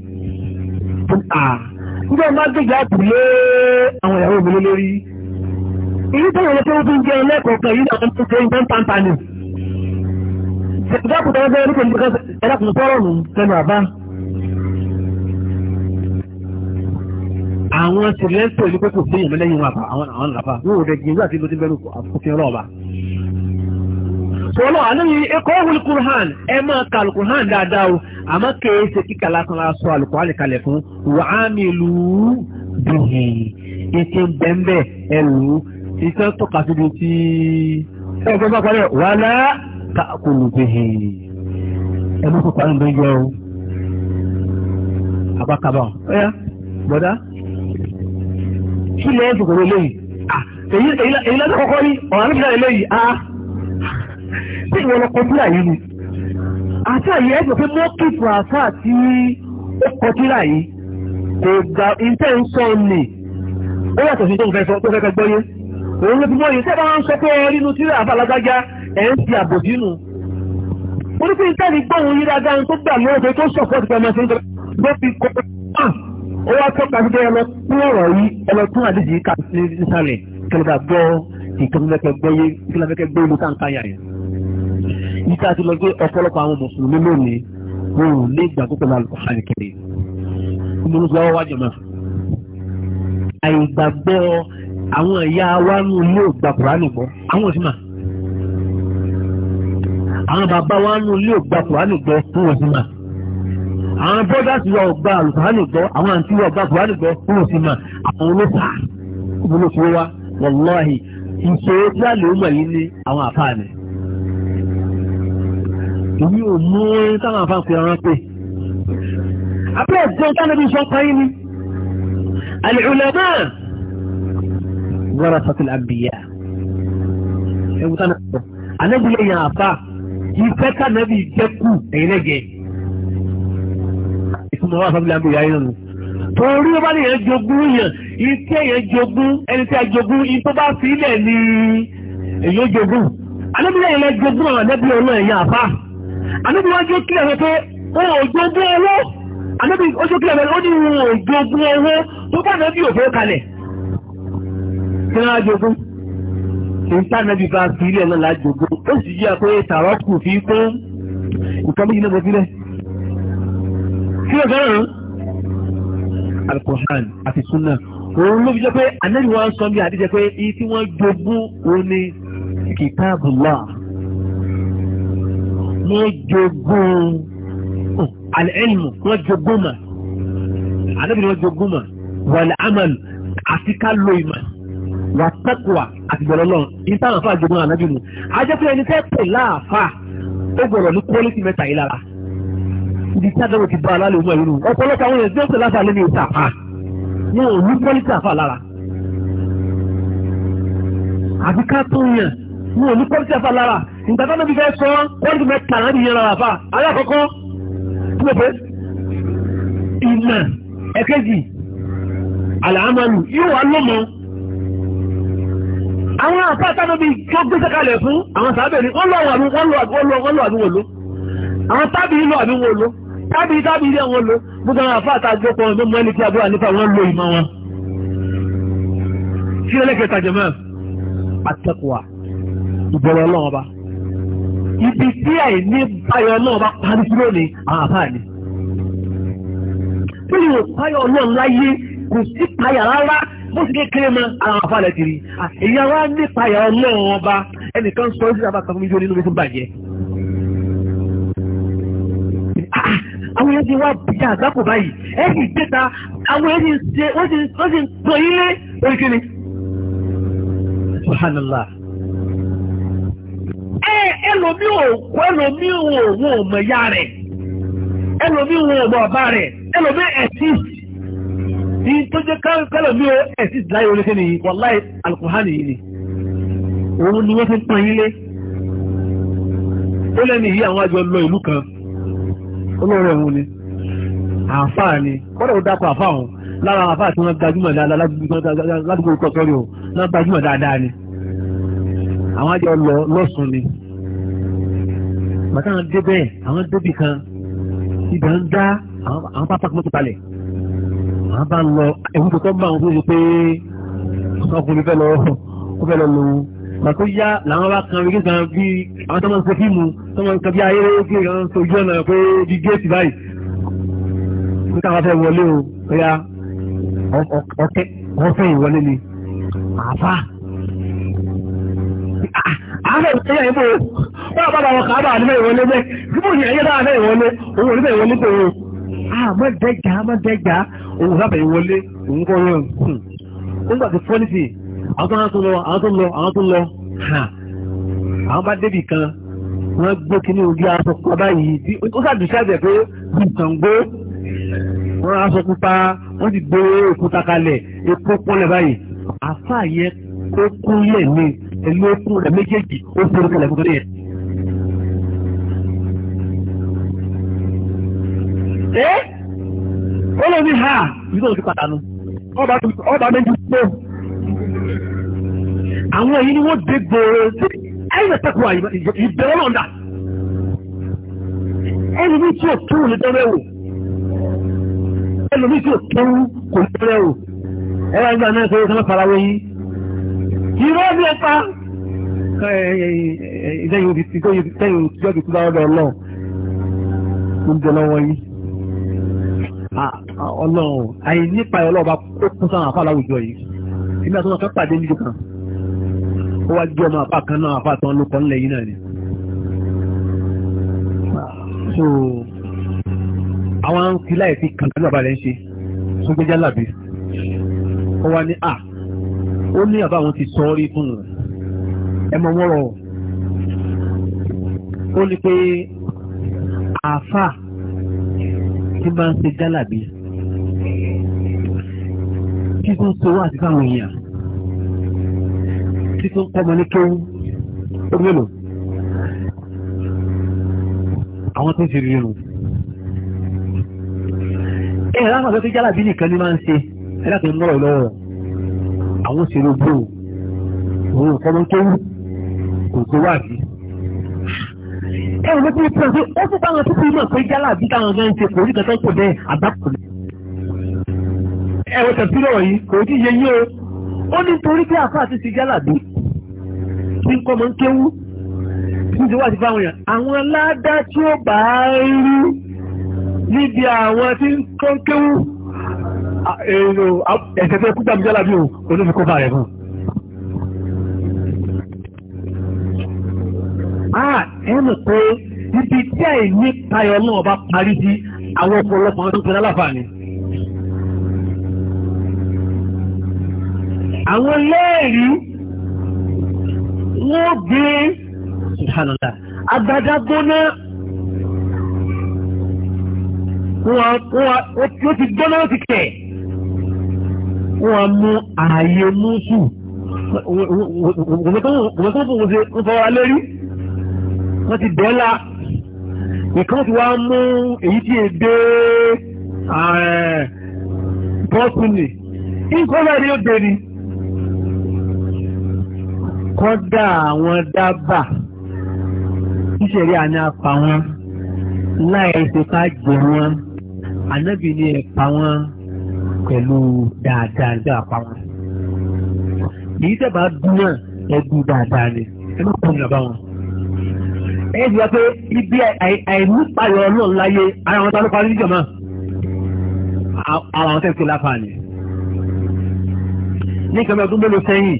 nígbà máa gbèjà àtúlé àwọn ìyàwó mi lórí èyí tó yẹ kí wọ́n fi ń jẹun lẹ́kọ̀ọ́ kan yìí náà tó ń tán pàǹpà ni ìdáàbò tó ń bẹ́ẹ̀ nípa nípa ẹ̀dàkùn sọ́rọ̀ nù lẹ́nu àbá àwọn sìlẹ́ńtò ní pé kò sí ìyàmẹ́lẹ́yìn wọn àbá àwọn àwọn àbá wọn ò rẹ̀ gbìyànjú àti lójú bẹ́ẹ̀ lóko àfòfin ọlọ́ọ̀bá sọ́lọ́ àlẹ́yìn ẹkọ́ wọlé kùrán ẹ máa ka alukùrán dáadáa o àmọ́ kèé ṣe kíkà lásán la sọ alukùrán lè kalẹ̀ fún wàá mi lù ú dùn ètè bẹ́ńbẹ́ ẹ lù ú ìtàn tọ́ka síbi tí ẹ fẹ́ bá parẹ́ wàhálà ká kò lù bẹ́ẹ̀ ẹ mú kó parí bẹ́ẹ̀ yọ o àbákabà ọ̀yá bọ̀dá kí lẹ́yìn tòkòrò lẹ́yìn èyí lọ́dọ̀ kọ́kọ́ rí ọ̀rọ̀ ah tí ìwọ lọ kọtíra yìí ni àṣà yìí ẹgbẹ̀ pé mọ́ kìfù àṣà tí ó kọtíra yìí kò gba ìtẹ́ ń sọ ní ó yàtọ̀ sí tó ń fẹ́ sọ tó fẹ́ gbọ́ yé òun ló fi mọ́ yìí tẹ́ bá ń sọ pé nínú tíra àbálágájá ẹ̀ ń fi àbò sínú ó ní pé ìtẹ́ ní gbọ́hùn yìí dáadáa tó gbà lóòótọ́ tó sọ̀kọ́ ti pẹ̀lú ẹ̀sìn tó fi kọ́ ah! ó wá tọ́ka sí pé ẹlọ́tún ọ̀rọ̀ yìí ẹlọ́tún àdéjì kà nísàlẹ̀ kẹlẹ́dà gbọ́ ìtọ́nulẹ́kẹ́ gbọ́ yé kí níta ti lọ gbé ọpọlọpọ àwọn mùsùlùmí lónìí wọn ò ní ìgbàgbọ́ pẹ̀lú àlùfáàní kiri nínú ìgbà wá àìgbàgbọ́ àwọn ẹ̀yà wa nù ilé ògbà kùránì gbọ́ àwọn òsì mà àwọn bàbá wa nù ilé ògbà kùránì gbọ́ fún òsì mà àwọn bọ́dásì wa ògbà gbọ́ àwọn àǹtí wa ògbà kùránì gbọ́ fún òsì mà àwọn ìṣòro tí a lè mọ̀ yìí ní àwọn èmi ò mú táwọn afá pé ara pé abẹ́ ẹ̀gbọ́n tánàbí sọ pa yín ni al-ulama warasatul anbiya ẹ̀wù tánàbí sọ anábì lè yàn àfá ìfẹ́ tánàbí jẹ́ kù ẹ̀yìn lẹ́gẹ̀ẹ́ ìtumọ̀ wà sábìlì àbúyá yín nù torí ó bá lè yẹn jogún yàn ìtí èyàn jogún ẹni tí a jogún yìí tó bá fi ilẹ̀ ni èyàn jogún anábì lè yẹn jogún àwọn anábì ọlọ́ ẹ̀yà àfá anábì wá jó kílẹ̀ rẹ̀ pé wọn ò jogún owó anábì ó jó kílẹ̀ rẹ̀ ó ní wọn ò jogún owó tó bá náà bí òfin kalẹ̀ kí wọ́n á jogún ìta nábì bá fi ilẹ̀ náà lájogún ó sì yíya pé tààrọ́ kù fi kún nǹkan méjì náà mo sílẹ̀ kí ló fẹ́ràn alkohan àti sunna òun ló fi jẹ́ pé anábì wá ń sọ bí àdíjẹ pé iye tí wọ́n jogún òun kìtàbùlá wọ́n jogún alẹ́lmù wọ́n jogún mà anábìrin wọ́n jogún mà wàlẹ̀ amalu àti ká lo ìmọ̀ wà tẹ́kùwà àti gbọ̀lọ́ lọ ní táwọn afá jogún anábìrin ajẹ́pẹ́ ẹni tẹ́ pè láàfà ó gbọ̀rọ̀ ní kọ́lẹ́tì mẹ́ta yìí lára ibi tí adáwọ̀ ti bá alálẹ̀ òun ẹ̀rú ọ̀pọ̀lọpọ̀ àwọn èèyàn tí ó pè láàfà lẹ́nu wọn ò ní pọ́lítì àfà lára ìgbà tó níbi fẹ́ sọ pọ́lítì mẹ́ta náà nìyẹn lára àfà alákọ̀ọ́kọ́ tí mo fẹ́ ìmọ̀ ẹ̀kẹ́jì àlàámánù yóò wá lọ́mọ àwọn àfà tánàbí tó gbé sẹ́kàlẹ̀ fún àwọn sàábẹ̀ ni wọ́n lọ àbí wọ́n lọ àbí wọ́n lọ àbí wọ́n lọ àwọn tábì lọ àbí wọ́n lọ tábì tábì ilé wọn lọ gbogbo àwọn àfà àtàjọpọ̀ ọ̀dọ́ mọ́ ẹni tí abúlé nípa wọn lo ìmọ̀ wọn. sí ẹlẹ́kẹ̀ẹ́ta jẹ̀mọ́ àtẹ́kùwà ìbẹ̀rù ọlọ́run ọba ibi tí àìní báyọ̀ náà bá parí sí lónìí àwọn tí yóò páyọ̀ náà láyé kò sí páyà rárá bó sì kékeré mọ àwọn èyí ní ọba ẹnìkan sọ kan nínú bàjẹ́ àwọn yẹn ti wá àgbákò báyìí àwọn yẹn ti ẹlòmí òkú ẹlòmí òwò ọmọ ìyá rẹ̀ ẹlòmí òwò ọmọ ọba rẹ ẹlòmí ẹ̀sìs ní tó jẹ́ kẹlòmí ẹ̀sìs láyé olóṣèlú yìí wàláì alukuhani yìí ni òun ni wọ́n fi pọ́n yín lé ó yìí kan òun ni àáfàá ni kọ́dọ̀ ó dákọ̀ àáfàá òun lára àáfàá tí wọ́n gbajúmọ̀ dáadáa ládùúgbò náà gbajúmọ̀ dáadáa ni àwọn àjọ lọ lọ́sùn ni bàtà àwọn dé bẹ́ẹ̀ àwọn débi kan ibà ń dá àwọn pápá kan mọ́tò balẹ̀ àwọn bá ń lọ ẹ̀wù tó tọ́ bá àwọn tó ṣe pé ọkùnrin fẹ́ lọ ó fẹ́ lọ lò ó pàtó yá làwọn bá kan rí kan bí àwọn tó máa ń ṣe fíìmù tó máa ń kan bí ayé kí wọ́n sojú ọ̀nà pé di géètì báyìí kí táwọn fẹ́ wọlé o ó yá ọ̀kẹ́ wọ́n fẹ́ ìwọlé ni àáfàá àárẹ̀ ìpínlẹ̀ ìbò wọ́n bá wọn kàábà nílẹ̀ ìwọlé bẹ́ síbò ní ẹ̀yẹ́ dáa náà ìwọlé òun ò níbẹ̀ ìwọlé o àmọ́ dẹ́gbà àmọ́ dẹ́gbà òun sábà ìwọlé òun kọ́ yọ̀n ó gbà tó fọ́nìtì àwọn tó lọ àwọn tó lọ àwọn tó lọ àwọn bá débì kan wọ́n gbé kí ní ojú aṣọ pàbá yìí tí ó sàdùsàdẹ̀ pé nǹkan gbó wọ́n aṣọ pupa wọ́n ti gbé òkúta kalẹ̀ epo pọ́nlẹ̀ báyìí àfáà yẹ kó kúnlẹ̀ ní pẹ̀lú okùn rẹ̀ méjèèjì ó fi orúkọ lẹ́gbẹ̀ẹ́ rẹ̀. ẹ́ ó lè ní ha ìlú òfin pàdánù ọba méjì pé àwọn èyí ni wọ́n dé gbòòrò sí ẹ̀yìn ẹ̀tẹ́kùn ìbẹ̀rẹ̀ náà dà ẹni ní tí ò túrù ní dẹ́rẹ́ wò ẹni ní tí ò túrù kò ní dẹ́rẹ́ wò ẹ̀rọ ìgbà náà sọ yóò sọ fara wẹ́yìn ìrọ́ ní ẹ̀ta ìdẹ́yìn òbí tí tẹ́yìn tí ọ̀dùn túbọ̀ ọ̀dọ̀ ọlọ́run ń bẹ lọ́wọ́ yìí ọlọ́run àìnípa ọlọ́run bá kó kún sáwọn àfa láwùjọ yìí èmi àti wọn kan pàdé níjọ kan ó wá jẹ́ ọmọ àfa kan náà àfa tán ló kọ́ ńlẹ̀ yìí náà ni. so àwọn kìlá ẹ̀ fi kàǹkà bàbá rẹ̀ ń ṣe fún gbẹ́jálàbí ó wá ní à ó ní àbá àwọn ti sọ ọ́ rí fún un ẹmọ wọ́rọ̀ ó ní pé àáfà tí máa ń ṣe gálàbí tí tó ń sowó àti fáwọn èèyàn tí tó ń kọ́mọ ní kéwú ó mélòó àwọn tó ń ṣe rírì nù. ẹ̀rọ àwọn ọ̀dọ́ tó jálàbí nìkan ní máa ń ṣe ẹ̀rọ àti ìmọ̀ràn lọ́wọ́ àwọn òṣèlú bò òun kọ́mọ kéwú kò tó wà sí. ẹ̀rọ lókè pẹ̀lú ó fún táwọn tó kú mọ̀ pé jálà bí táwọn gan ṣe kò rí kankan kò bẹ́ẹ̀ àbákò. ẹ̀rọ tẹ̀sí lọ́wọ́ yìí kò tí yẹ yí o ó ní torí pé àfáà ti ṣe jálà kí n kọ́ mọ́ ń kéwú kí n ti wá sí fáwọn èèyàn àwọn ládá tí ó bá rú níbi àwọn tí ń kọ́ kéwú ẹ̀sẹ̀ tó kú gbàmújálà bí o olófikọ́ bá rẹ̀ fún un. ẹ mọ̀ pé ibi tí àìní tayọ náà bá parí sí àwọn ọ̀pọ̀lọpọ̀ ọdún pẹ̀lú aláfààní. àwọn lẹ́ẹ̀rí wọ́n gbé ṣùgbọ́nàlá agbada gbóná wọ́n ti gbóná ti kẹ̀ wọ́n mú ààyè mú sùn wọ́n tó wọ́n tó fọwọ́ lérí wọ́n ti dẹ́là nìkan ti wá mú èyí tí è dé eh, bọ́sùnì ìkọ́lẹ̀ ni ó dé ni kọ́dà àwọn dábà ìṣẹ̀rí àní apà wọn láìsí ká jẹ wọn ànábì ni ẹ̀pà wọn pẹ̀lú dáadáa ìjọ àpá wọn èyí tẹ̀ bá dúnà ẹ̀dùn dáadáa ni ẹ má kọ́ ní wọn ẹ̀yìn ti sọ pé ibi àìnípayọ̀ náà láyé ara wọn tánú parí níjọ̀mọ́ ara wọn tẹ́ pé lápá ni. ní nǹkan bí ọdún mélòó sẹ́yìn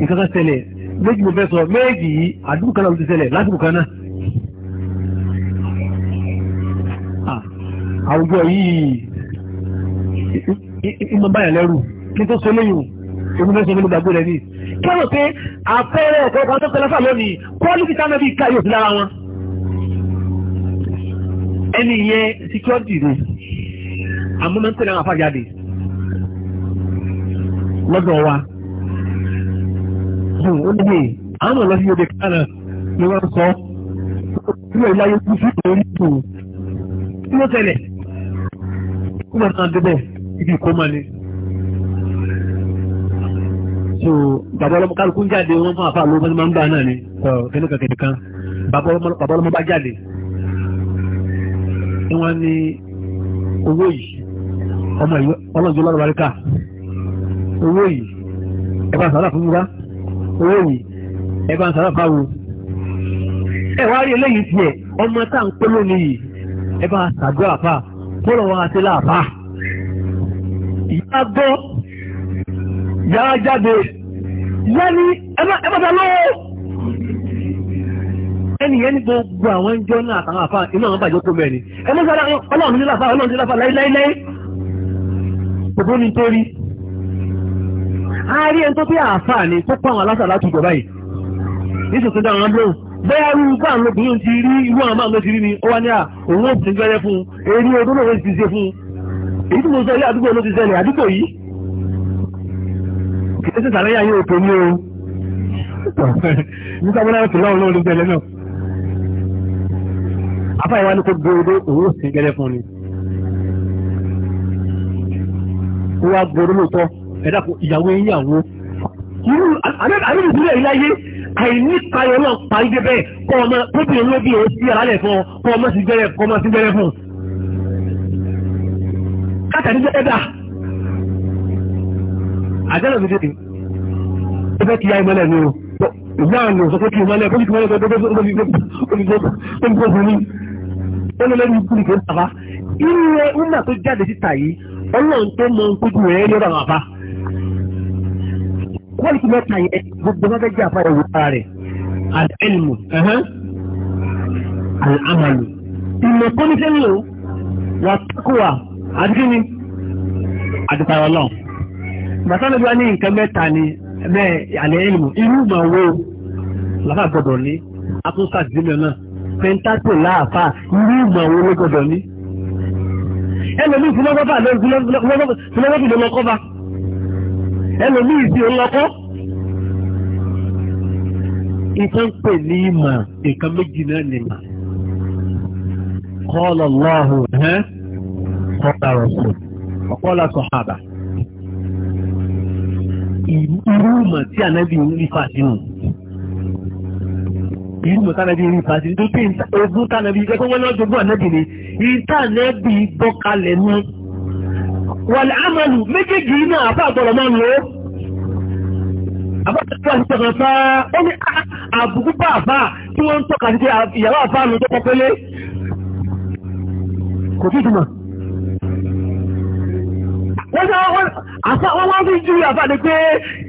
nǹkan kan ṣẹlẹ̀ méjì mo fẹ́ sọ méjì yìí àdúgbò kan náà ló ti ṣẹlẹ̀ lásìkò kan náà. àwùjọ yìí ìmọ̀ báyà lẹ́rù kí n tó sọ lẹ́yìn o òun fẹ́ ṣe pẹ̀lú gbàgbé rẹ̀ ni kẹ́rò pé àpẹẹrẹ ọ̀pọ̀lọpọ̀ tó tẹlẹ́fà lónìí kọ́lùkì táwọn ẹbí ká yóò fi lára wọn ẹni yẹn security ni àmọ́ máa ń tẹ̀lé àwọn afájáde lọ́dọ̀ wa ó lè àwọn ọ̀lọ́sí yóò dé kánà ni wọ́n sọ ilé ìláyé kú sí ìlú ìlú kí ló tẹ̀lẹ̀ kí wọ́n sàn débẹ̀ so bàbá ọlọ́mọ kálukú ń jáde wọ́n fún àfa lóun fún máa ń náà ni kẹ́nu kẹ̀kẹ́ kan bàbá ọlọ́mọ bá jáde wọ́n ní owó yìí ọmọ ìwé ọlọ́jọ́ lọ́rọ̀ wáríkà owó yìí ẹ bá ń sàrà fún wúrà owó yìí ẹ bá ń sàrà fáwọn ẹ wá rí eléyìí tiẹ̀ ọmọ tá à ń pélé nìyí ẹ bá ṣàdúrà fà kó lọ́wọ́ àti láàfà ìyá gbọ́ yàrá jáde yẹ́ni ẹgbẹ́ta lọ́wọ́ ẹnìyẹn ní gbogbo àwọn ẹjọ́ náà àtàwọn àfáà inú àwọn bàjọ́ tó mẹ́rin ẹgbẹ́ sára ọlọ́run nílá àfáà ọlọ́run nílá àfáà láíláíláí gbogbo ní torí a rí ẹni tó bí àfáà ni tó pọ̀ àwọn aláṣà láti ìjọba yìí ní sọ̀tún dáhùn án lóhùn bẹ́ẹ̀ rú bá àwọn obìnrin ti rí irú àwọn máa ló ti rí ni ó wá ní à òun ó sì ń gbẹ́rẹ́ fún un eré odó lóore ti ṣe fún un èyí tí mo sọ ilé àdúgbò ló ti ṣẹlẹ̀ àdúgbò yìí kìí sí sàlẹ́yà yóò tó ní o ní sábúná ọ̀tún láwọn olóòrùn bẹ̀rẹ̀ náà afá ìwá ní kó gbóòdó òun ò sí gẹ́lẹ́ fún ni ó wá gbóòdó lóòótọ́ ẹ̀dá kó ìyàwó ìyàwó irú àdéhùn ìdílé ìláyé àìní kayọ̀ náà parí débẹ̀ kọ́ ọmọ tóbìnrin lóbi ò sí àlálẹ̀ fún ọ kọ́ ọmọ sí gbẹ́rẹ̀ fún ọ àjẹ́lẹ̀ mi dìde ó fẹ́ kí ya ìmọ́lẹ̀ ni o ìyá àná sọ pé kí ìmọ́lẹ̀ bó ti mọ́lẹ̀ tó ní lẹ́nu ikú nìkan bàbá irú ẹ nígbà tó jáde síta yìí ọlọ́run tó mọ nkójú rẹ̀ ní ọ̀dà bàbá kọ́ọ̀lù tó mẹ́ta yẹn gbogbo bá fẹ́ jẹ́ àfáyẹ̀ wò ara rẹ̀ àdẹ́lìmù àmàlù ìmọ̀ tó ní sẹ́yìn o wà á kó wa àdúgbò ni àdúgbò àwọn ọlọ́run bàtánà bí wá ní nǹkan mẹ́ta ni bẹ́ẹ̀ àlẹ́ ìlú irú ìmọ̀ wo làbá gbọ́dọ̀ ní atúnṣà ìdílé náà pẹ́ńtátò láàfà irú ìmọ̀ wo ló gbọ́dọ̀ ní. ẹlòmíì fúlọ́gọ́fà fúlọ́gọ́fì ló lọ́kọ́ bá ẹlòmíì pè ní ìmọ̀ nǹkan méjì náà ni mà. kọ́ lọ́lọ́hùn ẹ́ kọ́ lọ́rọ̀ sùn ọ̀pọ̀ lọ́sọ̀ irú mọ̀ tí ànábì ń rí fàṣínù irú mọ̀ tánàbí rí fàṣínù tó pé ogún tánàbí ẹgbẹ́ wọn lọ́jọ́ ogún ànábì ni ìtànẹ́bì gbọ́kalẹ̀ ní wàlẹ̀ àmàlù méjèèjì náà àbá àgbọ̀rọ̀ máa ń lò ó àbájáde àti tọ̀kan sáá ó ní ah, àbùkù bá àbá tí wọ́n ń tọ́ka sí ìyàwó àbá mi tó kò tí ì wọ́n wá fi jú àfáàdé pé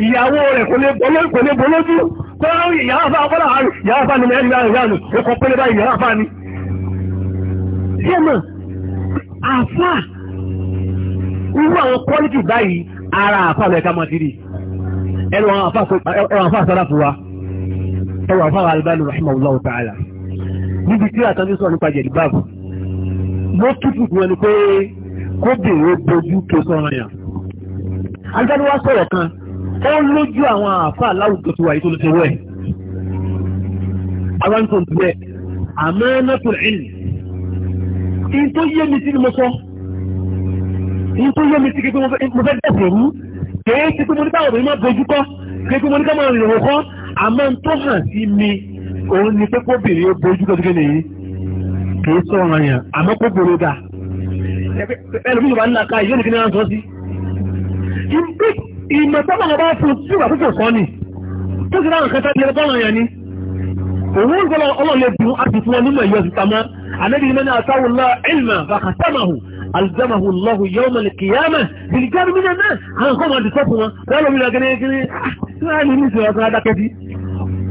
ìyàwó rẹ̀ kò lè bolójú tó rárí ìyàwó àfáà ọkọ́lá àárín ìyàwó àfáà ni mẹ́rin láàrin láàrin ẹkọ̀ pẹ́lẹ́ bá ìyàwó àfáà ni ṣẹ́mọ̀ àfáà irú àwọn kọ́lìtì báyìí ara àfáà lẹ́ka mọ́ tìrì ẹnu àwọn àfáà sọ́dá fún wa ẹwà àfáà Albani ta'ala níbi tí àtàndé sọ nípa jẹ̀dìbáàbù mo tútù fún ẹni pé kóbìnrin dojú ke sọ́ran yàn. ajáde wá sọ̀rọ̀ kan ó lójú àwọn àáfàá láwùjọ tó wà yìí tó ló ti wẹ̀. àwọn tó ń bẹ̀ àmọ́ náà tó rìn. ìyí tó yé mi sí ni mo sọ ìyí tó yé mi sí kékeré mo fẹ́ dẹ̀sẹ̀ rú kèé ti pé mo ní báwo ni mo dojú kọ́ kèé pé mo ní ká máa rìnrìn kọ́ àmọ́ tó hàn sí mi òun ni pé kóbìnrin ó dojú kọ́ sí kékeré yìí kèé sọ̀ràn yàn àmọ́ kóbìnrin dáa ẹlòmínú bá ń là káyé ní kí ní wọ́n sọ sí. ìmọ̀ sábà wọn bá fún sí ìwà púpọ̀ sọ ni tó ti dáhùn kẹta ní ẹgbẹ́ ọ̀ràn yẹn ni. òun gbọ́dọ̀ ọlọ́ọ̀lẹ́ dùn á ti fún wọn nímọ̀ ìyọ̀sí pamọ́ àlejò ìmọ̀ ní àtàwùlá ìlmà fàkàtàmàhù alzamahu Allahu yawma al-qiyamah bil jari min an-nas an koma di sofu wọn lọ́lọ́ mi lọ gẹ́gẹ́ gẹ́gẹ́ ṣáà ní ìṣẹ́ ọ̀sán adákẹ́bí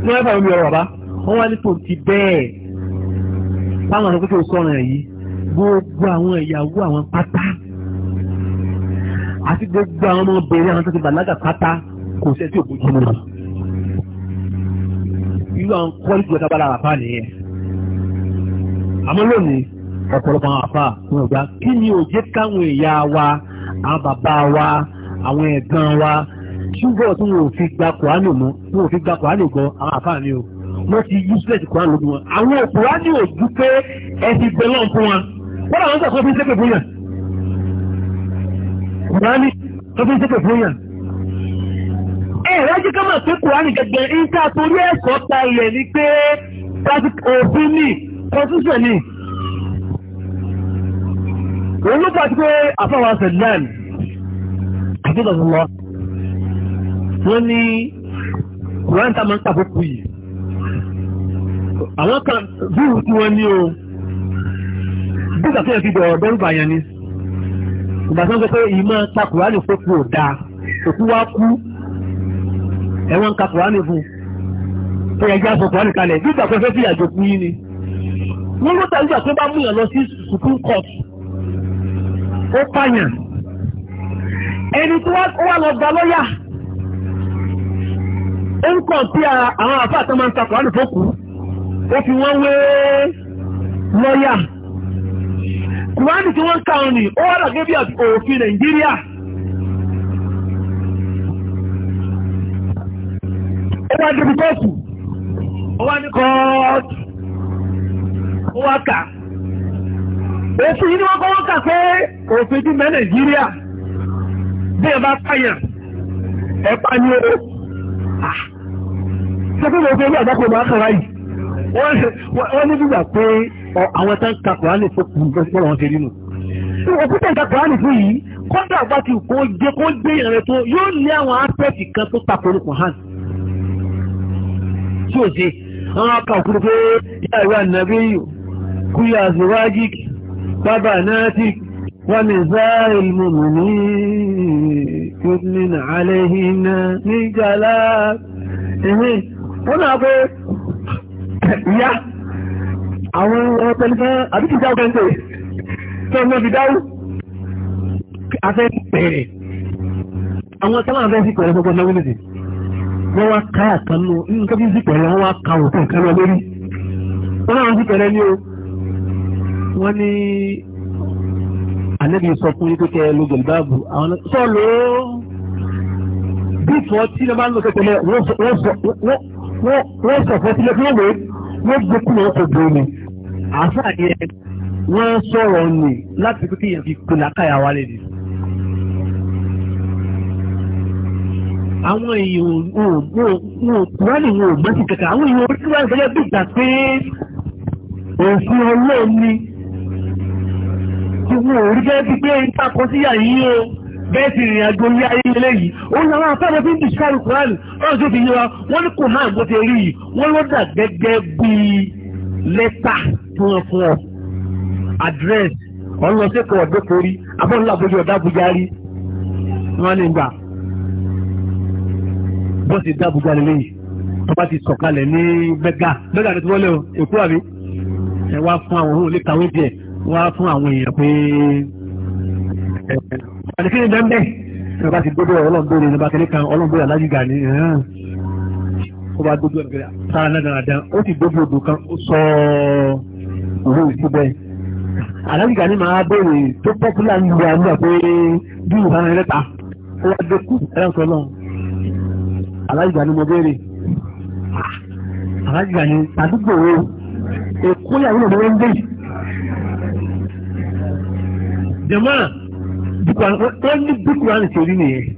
wọ́n yẹ́ fàwọn mi ọ̀rọ̀ bàbá wọ́n wá ní tòun ti bẹ́ẹ̀ báwọn ọ̀rọ̀ pípẹ́ sọ̀rọ̀ yìí gbogbo àwọn ìyàwó àwọn pátá àti gbogbo àwọn ọmọbìnrin àwọn tó ti bàlágà pátá kò sẹ́ tí ò bójú mu irú àwọn kọ́lìtì ọ̀tá bára àfáà nìyẹn àmọ́ lónìí ọ̀pọ̀lọpọ̀ àwọn àfáà wọn gbà kí ni ò jẹ́ káwọn ìyá wa àwọn bàbá wa àwọn ẹ̀gbọ́n wa ṣùgbọ́n tí wọn ò fi gba kùránì mú wọn ò fi gba kùránì gan àwọn àfáà ni o wọ́n ti useless kùránì lójú wọn àwọn kùránì ò ju ẹ ti bẹ lọ́n fún wọn bọ́lá wọn sọ fún ṣépè fún yàn kùránì tó fi ṣépè fún yàn ẹ̀rọ jẹ́ ká máa pé kùránì gẹ́gẹ́ ìta torí ẹ̀kọ́ ta ilẹ̀ ni pé òfin ní constitution ní òun ló pàtí pé àfáwọn sẹ̀dán àjọ́dọ̀lọ́ wọ́n ní kùránì tá máa ń tàbókù yìí àwọn kan bí ìwúkú wọn ní o nígbà tó yẹ fi bẹ̀rọ̀ dẹ́rùbà yẹn ni ìgbà tó ń sọ pé ìmọ̀ ta kùránì fòkù ò dáa òkú wa kú ẹ̀wọ̀n ka kùránì fún tó yẹ jẹ́ àsọ̀kù wánì kalẹ̀ nígbà tó fẹ́ fi àjò kú yín ni wọ́n ló tà nígbà tó bá mú yàn lọ sí supreme court ó pààyàn ẹni tó wá lọ gba lọ́yà ó ń kàn sí àwọn àfáà tó máa ń ta kùránì fòkù ó fi wọ́n wé lọ́yà kùránì tí wọ́n ń káwọn ní ó wádà gẹ́bí òfin nàìjíríà ó wá débi kóòtù ó wá ní kóòtù ó wá kà òfin ni wọ́n kọ́ wọ́n kà pé òfin dùn mẹ́ nàìjíríà bí ẹ bá pààyàn ẹ pa ní owó ṣé kí ló fẹ́ bí àgbàpọ̀ máa kàrá yìí wọ́n ní bí gbà pé àwọn tán ka kùránì fún kùránì wọn ṣe rí nù. òkúta ìka kùránì fún yìí kọ́ńdà bá ti kó jẹ kó gbé ìrìn tó yóò ní àwọn aspect kan tó ta korokùn hàn. tí ò ṣe àwọn aka òkúrú pé yá ìwà nàbí kúyà zurajik bàbá natik wà ní záàrì mùmùní yóò àlẹ́hìnà ní gàlá. wọ́n náà pé ìyá àwọn ọmọ tẹlifọ́n àbíkí dáwọ́ kẹ́ńtẹ́ tó ń fi dáwọ́ afẹ́ bẹ̀rẹ̀ àwọn tẹ́lá afẹ́ sí pẹ̀lú gbogbo náwó nìdí wọ́n wá ká àkànnú nǹkan bí sí pẹ̀lú wọ́n wá ka òkú nǹkan lọ lórí wọ́n náà sí pẹ̀lú ẹni o wọ́n ní ànábì sọ fún yín kékeré ló jẹ̀lú báàbù àwọn sọ ló bí fọ́ tí ló bá ń lọ kékeré wọ́n sọ fọ́ tí ló fi wọ́n lò àáfàá yẹn wọ́n sọ̀rọ̀ nì láti pé kéèyàn fi kó làákàyà wálé ni. àwọn èèyàn wọ́n ní wọn ò mọ́sí kankan àwọn èèyàn orí wọn gẹ́gẹ́ bí ìgbà pé òfin ọlọ́run ni tí wọn ò rí gẹ́gẹ́ bí pé ń takọ sí àyí o bẹ́ẹ̀ ti rìn àjò orí ayé eléyìí ó ní àwọn afẹ́rẹ́ fi ń kúránì ọ̀rọ̀ tó fi yé wọ́n ní kò máa gbọ́ ti rí yìí wọ́n ló dà gẹ́gẹ́ bíi lẹ́tà tí wọ́n fún ọ àdírẹ́sì ọlọ́sẹ̀kọ̀ ọ̀dọ́kọ̀rí abọ́nlá àbójú ọ̀dá àbújá rí wọ́n ní gbà bọ́ọ̀sì dá àbújá lè léyìí tó bá ti sọ̀kalẹ̀ ní mẹ́gà mẹ́gà tó ti wọlé o èkó àbí ẹ wá fún àwọn òun lè kàwé díẹ̀ wá fún àwọn èèyàn pé àdìkí ni bẹ́ẹ̀ bẹ́ẹ̀ tó bá ti gbọ́dọ̀ ọlọ́ọ̀dọ́ rẹ̀ nípa kẹ́lẹ́ kan ọlọ́ọ̀dọ́ rẹ̀ alájùgà ni ó bá dójú ẹgbẹ́ sára náà dáadáa ó sì dójú odò kan ó sọ òwe ìṣú bẹ́ẹ̀. àdájìgá ni màá béèrè tó pọ́pùlà ń lu àmúlà pé bí ìwà rẹ̀ lẹ́ta ó wá dẹ́kù ẹ̀rọ̀sọ náà. àdájìgá ni mo béèrè àdájìgá ni àdúgbò wo èkó yàrá ìlú wọn ń dé. jẹ̀mọ́ ó ní bí kúránì ṣe rí nìyẹn.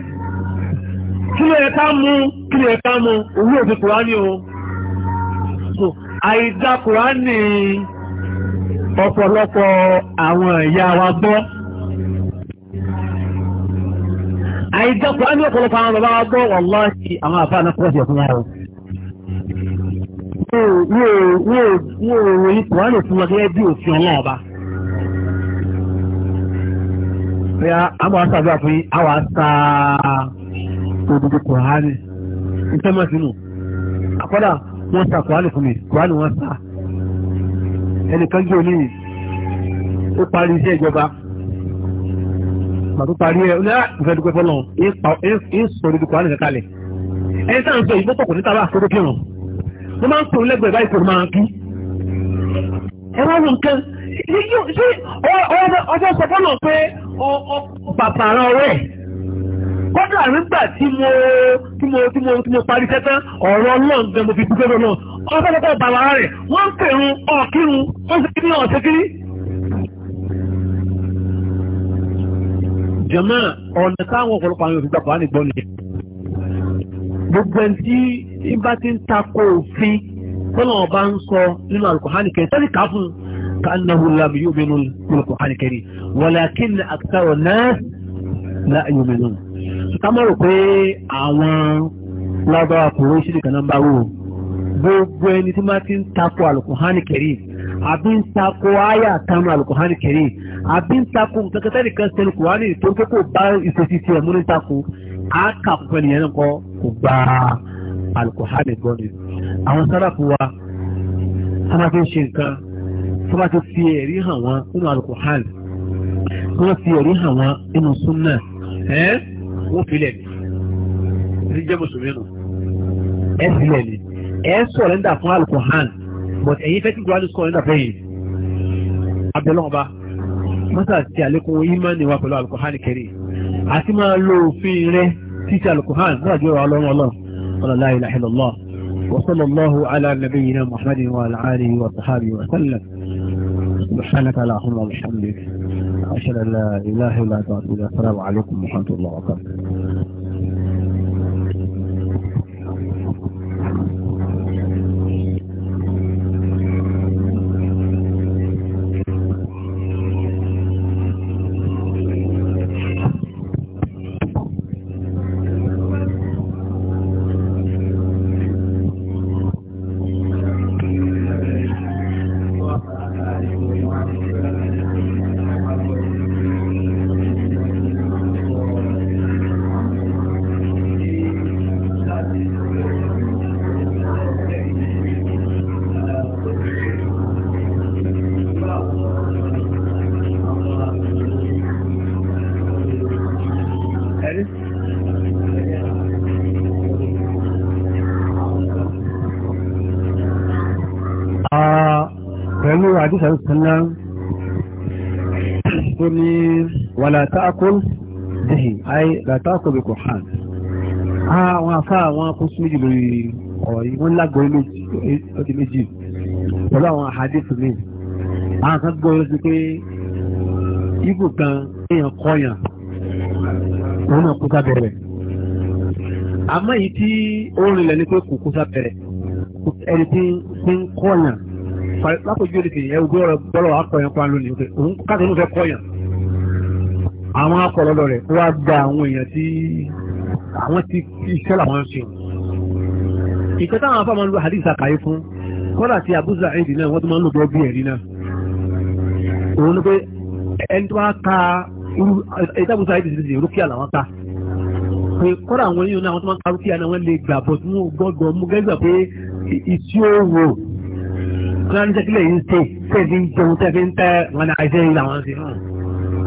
kí ló mú kí àìdá kùránì ọ̀pọ̀lọpọ̀ àwọn ìyá wa gbọ́ àìdá kùránì ọ̀pọ̀lọpọ̀ àwọn bàbá wa gbọ́ wàláhì àwọn àfáàná pọ̀jù ọ̀fún yàrá wọ́n ò kùránì kó gbogbo kùránì ìtẹ́mọ̀ sínú àkọ́dà wọ́n sa kùránì fún mi kùránì wọ́n sa ẹnìkan jẹ́ òní ó parí iṣẹ́ ìjọba màtó parí ah, ẹ ní ìfẹ́ dúpẹ́ fọ́lọ́ ń sọ ní kùránì kankalẹ̀ ẹni sáà ń sọ ìgbó pọ̀kùn níta bá kó tó kírun mo máa ń pè lẹ́gbẹ̀ẹ́ báyìí kò máa kí ẹ wá wọn kan ṣé ọjọ́ sọ fọ́lọ́ pé bàbá ara ọ̀rẹ́ kọ́dà nígbà tí mo tí mo tí mo tí mo parí tẹ́tẹ́ ọ̀rọ̀ náà gan mo fi dúpẹ́ lọ́nà ọ̀rọ̀ tẹ́tẹ́ bàbá rẹ̀ wọ́n ń pèrún ọ̀kírun ó sì kí ní ọ̀sẹ̀ kiri. jọ̀mọ́ ọ̀nà táwọn ọ̀pọ̀lọpọ̀ àwọn òṣìṣẹ́ àpò ànìgbọ́n ni gbogbo ẹni tí ń bá ti ń takò òfin tọ́lọ̀ ọba ń sọ nínú alukọ̀hánì kẹrin tẹ́lẹ̀ ká fún kánnáwó làbí yóò bínú alukọ̀hánì kẹrin wàlàkín àkàtà ọ̀nà láàyò mẹ́nu ká mọ̀ rò pé àwọn lágbára kùnrin ṣíṣe kan náà ń bá wò gbogbo ẹni tí máa ti ń takò àlùkùnhánì kẹrì àbí ń takò àyà kanu àlùkùnhánì kẹrì àbí ń takò nǹkan tẹ́lẹ̀ kan sẹ́nu kùránì tó ń kókò bá ìfèsì tiẹ̀ múni takò á kà púpọ̀ nìyẹn náà kọ́ kò gba àlùkùnhánì gbọ́ àwọn sáráàfù wa tá máa fi ń ṣe nǹkan tó bá ti fi ẹ̀rí hàn wọ́n nínú àlùkùnhánì wọ́n fi ẹ̀rí hàn wọ́n nínú súnà wọ́n fi lẹ̀ ní ti jẹ́ mùsùlùmí nù ẹ sì lẹ̀ ní ẹ sọ̀rẹ́ndà fún alukohan but ẹ̀yin fẹ́ kí gbọ́dọ̀ sọ̀rẹ́ndà fún yìí abẹ́lọ́ọ̀ba mọ́tà ti àlékún ìmánì wa pẹ̀lú alukohan kẹrì àti máa lo òfin rẹ títí alukohan náà jẹ́ ọ̀rọ̀ ọlọ́run ọlọ́run ọlọ́run la ilaha illallah وصلى الله على نبينا محمد وعلى آله وصحبه وسلم سبحانك اللهم وبحمدك أشهد أن لا إله إلا الله السلام عليكم ورحمة الله وبركاته tó ní wàlá táàkùn ẹ̀hìn ayé látàkùn bí kò hàn àwọn afá àwọn akóso méjì lórí ọ̀rọ̀ yìí wọ́n lágbọ́ ọdún méjì pẹ̀lú àwọn àhádìsì mi àwọn kan gbọ́ yóò sí pé ibù kan èèyàn kọyàn òun náà kó sábẹ̀rẹ̀ àmọ́ èyí tí ó rìnlẹ̀ ni pé kò kó sábẹ̀rẹ̀ ẹni tí ń kọyàn lápòjú òdì sí ẹgbẹ́ ọ̀rọ̀ bọ́lọ̀ akọ̀yàn pa lónìí pé òun káàtó ló fẹ́ kọ́yàn àwọn akọ̀lọ́lọ́ rẹ̀ wá gba àwọn èèyàn tí àwọn ti iṣẹ́ làwọn ń ṣe ìkẹ́ táwọn afáàmọ́ lu hadith àkàyé fún kọ́lá àti abúzà èdè náà wọ́n tó máa ń lò bọ́ bí ẹ̀rí náà òun ni pé ẹni tó wá ka ìtàbùsà èdè sí rúkìá làwọn ká pé kọ́lá àwọn èèyàn náà wọ́n tó máa ń ka rúkìá náà wọ́n lè gbà bọ́ tí wọ́n gbọ́dọ̀ mú gẹ́gbà pé ìṣòro ọ̀gá ní sẹ́kílẹ̀ yìí ń ṣe tẹ́ẹ̀bí ń jẹun tẹ́ẹ̀bí ń tẹ́ wọn ní àìsẹ́ yìí làwọn ṣe fún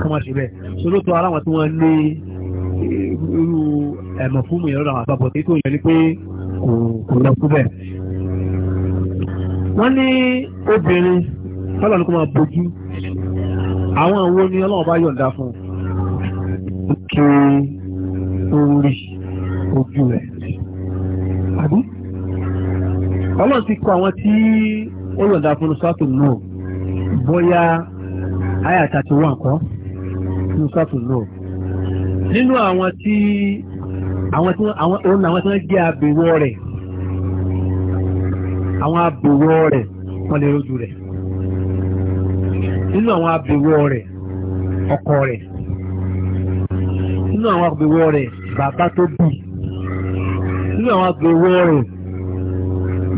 kí wọ́n ṣe bẹ́ẹ̀ ṣòro tó ara wọn tí wọ́n ní irú ẹ̀mọ̀ fún mi lọ́dọ̀ àwọn àpapọ̀ tí tó yẹ ni pé kò lọ síbẹ̀. wọ́n ní obìnrin fọlọ́ ní kó máa bójú àwọn àwo ni ọlọ́run bá yọ̀ǹda fún un kí orí ojú rẹ̀ àbí ọlọ́run ti kọ àwọn tí ó lọ̀dà fún sọ́ọ̀tù náà bóyá àyà tàti wà kọ́ fún sọ́ọ̀tù nínú àwọn tí àwọn tí àwọn àwọn tí wọ́n jẹ́ abèwọ́ rẹ̀ àwọn abèwọ́ rẹ̀ wọ́n lè rojú rẹ̀ nínú àwọn abèwọ́ rẹ̀ ọkọ rẹ̀ nínú àwọn abèwọ́ rẹ̀ bàbá tó bí nínú àwọn rẹ̀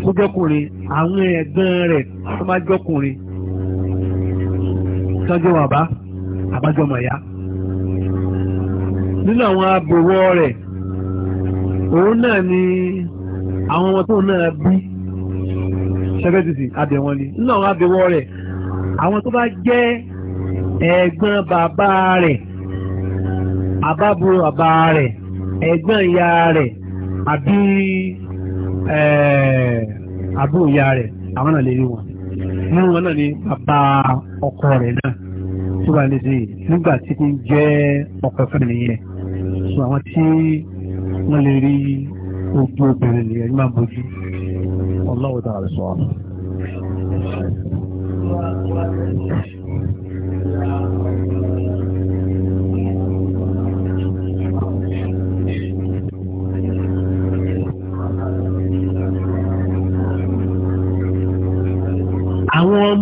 tó jọ́kùnrin àwọn ẹ̀gbọ́n rẹ̀ tó máa jọ́kùnrin tọ́jú bàbá àbájọmọ̀ ìyá nínú àwọn abòwọ́ rẹ̀ òun náà ni àwọn ọmọ tóun náà bí sẹ́fẹ́tìtì abẹ̀wọ̀n ni nínú àwọn abẹ̀wọ̀ rẹ̀ àwọn tó bá jẹ́ ẹ̀gbọ́n bàbá rẹ̀ àbábúrò bàbá rẹ̀ ẹ̀gbọ́n ìyá rẹ̀ àbí Eh, àbúrò ìyá rẹ̀ àwọn náà lè rí wọn nínú wọn náà ni bàbá ọkọ rẹ̀ náà tí bá lè ṣe nígbà tí kò jẹ́ ọkọ fún nìyẹn so àwọn tí wọ́n lè rí ojú obìnrin nìyẹn máa bójú ọlọ́wọ́ dára sọ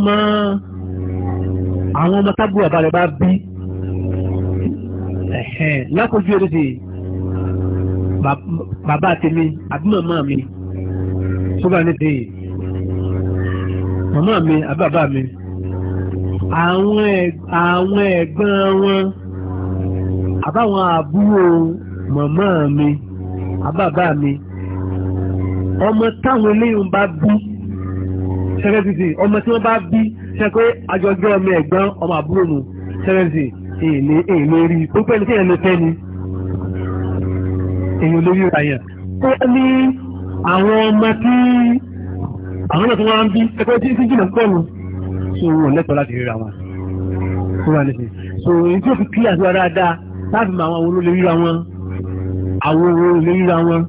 ọmọ àwọn ọmọ tábù bàbá rẹ̀ bá bí lápòjú oríṣi bàbá tèmi àbí mi tó bá níbi màmá mi àbí bàbá mi àwọn ẹ̀gbọ́n wọn àbáwọn àbúrò màmá mi àbí mi ọmọ táwọn eléyìí bá bí sẹ́fẹ́sì ọmọ tí wọ́n bá bí ṣe pé àjọgbẹ́ ọmọ ẹ̀gbọ́n ọmọ àbúrò nù sẹ́fẹ́sì èlé èlé rí tó pẹ́ ní kéèyàn ló fẹ́ ni èyàn lórí ìràyàn tó ní àwọn ọmọ tí àwọn ọ̀tún wọn bí ẹgbẹ́ tí sí jìnà pọ̀ nù so wọn lẹ́tọ̀ọ́ láti ríra wọn tó wà nísìn so èyí tí ó fi kíyà sí dáadáa láti mọ àwọn olólè ríra wọn àwọn olólè ríra wọn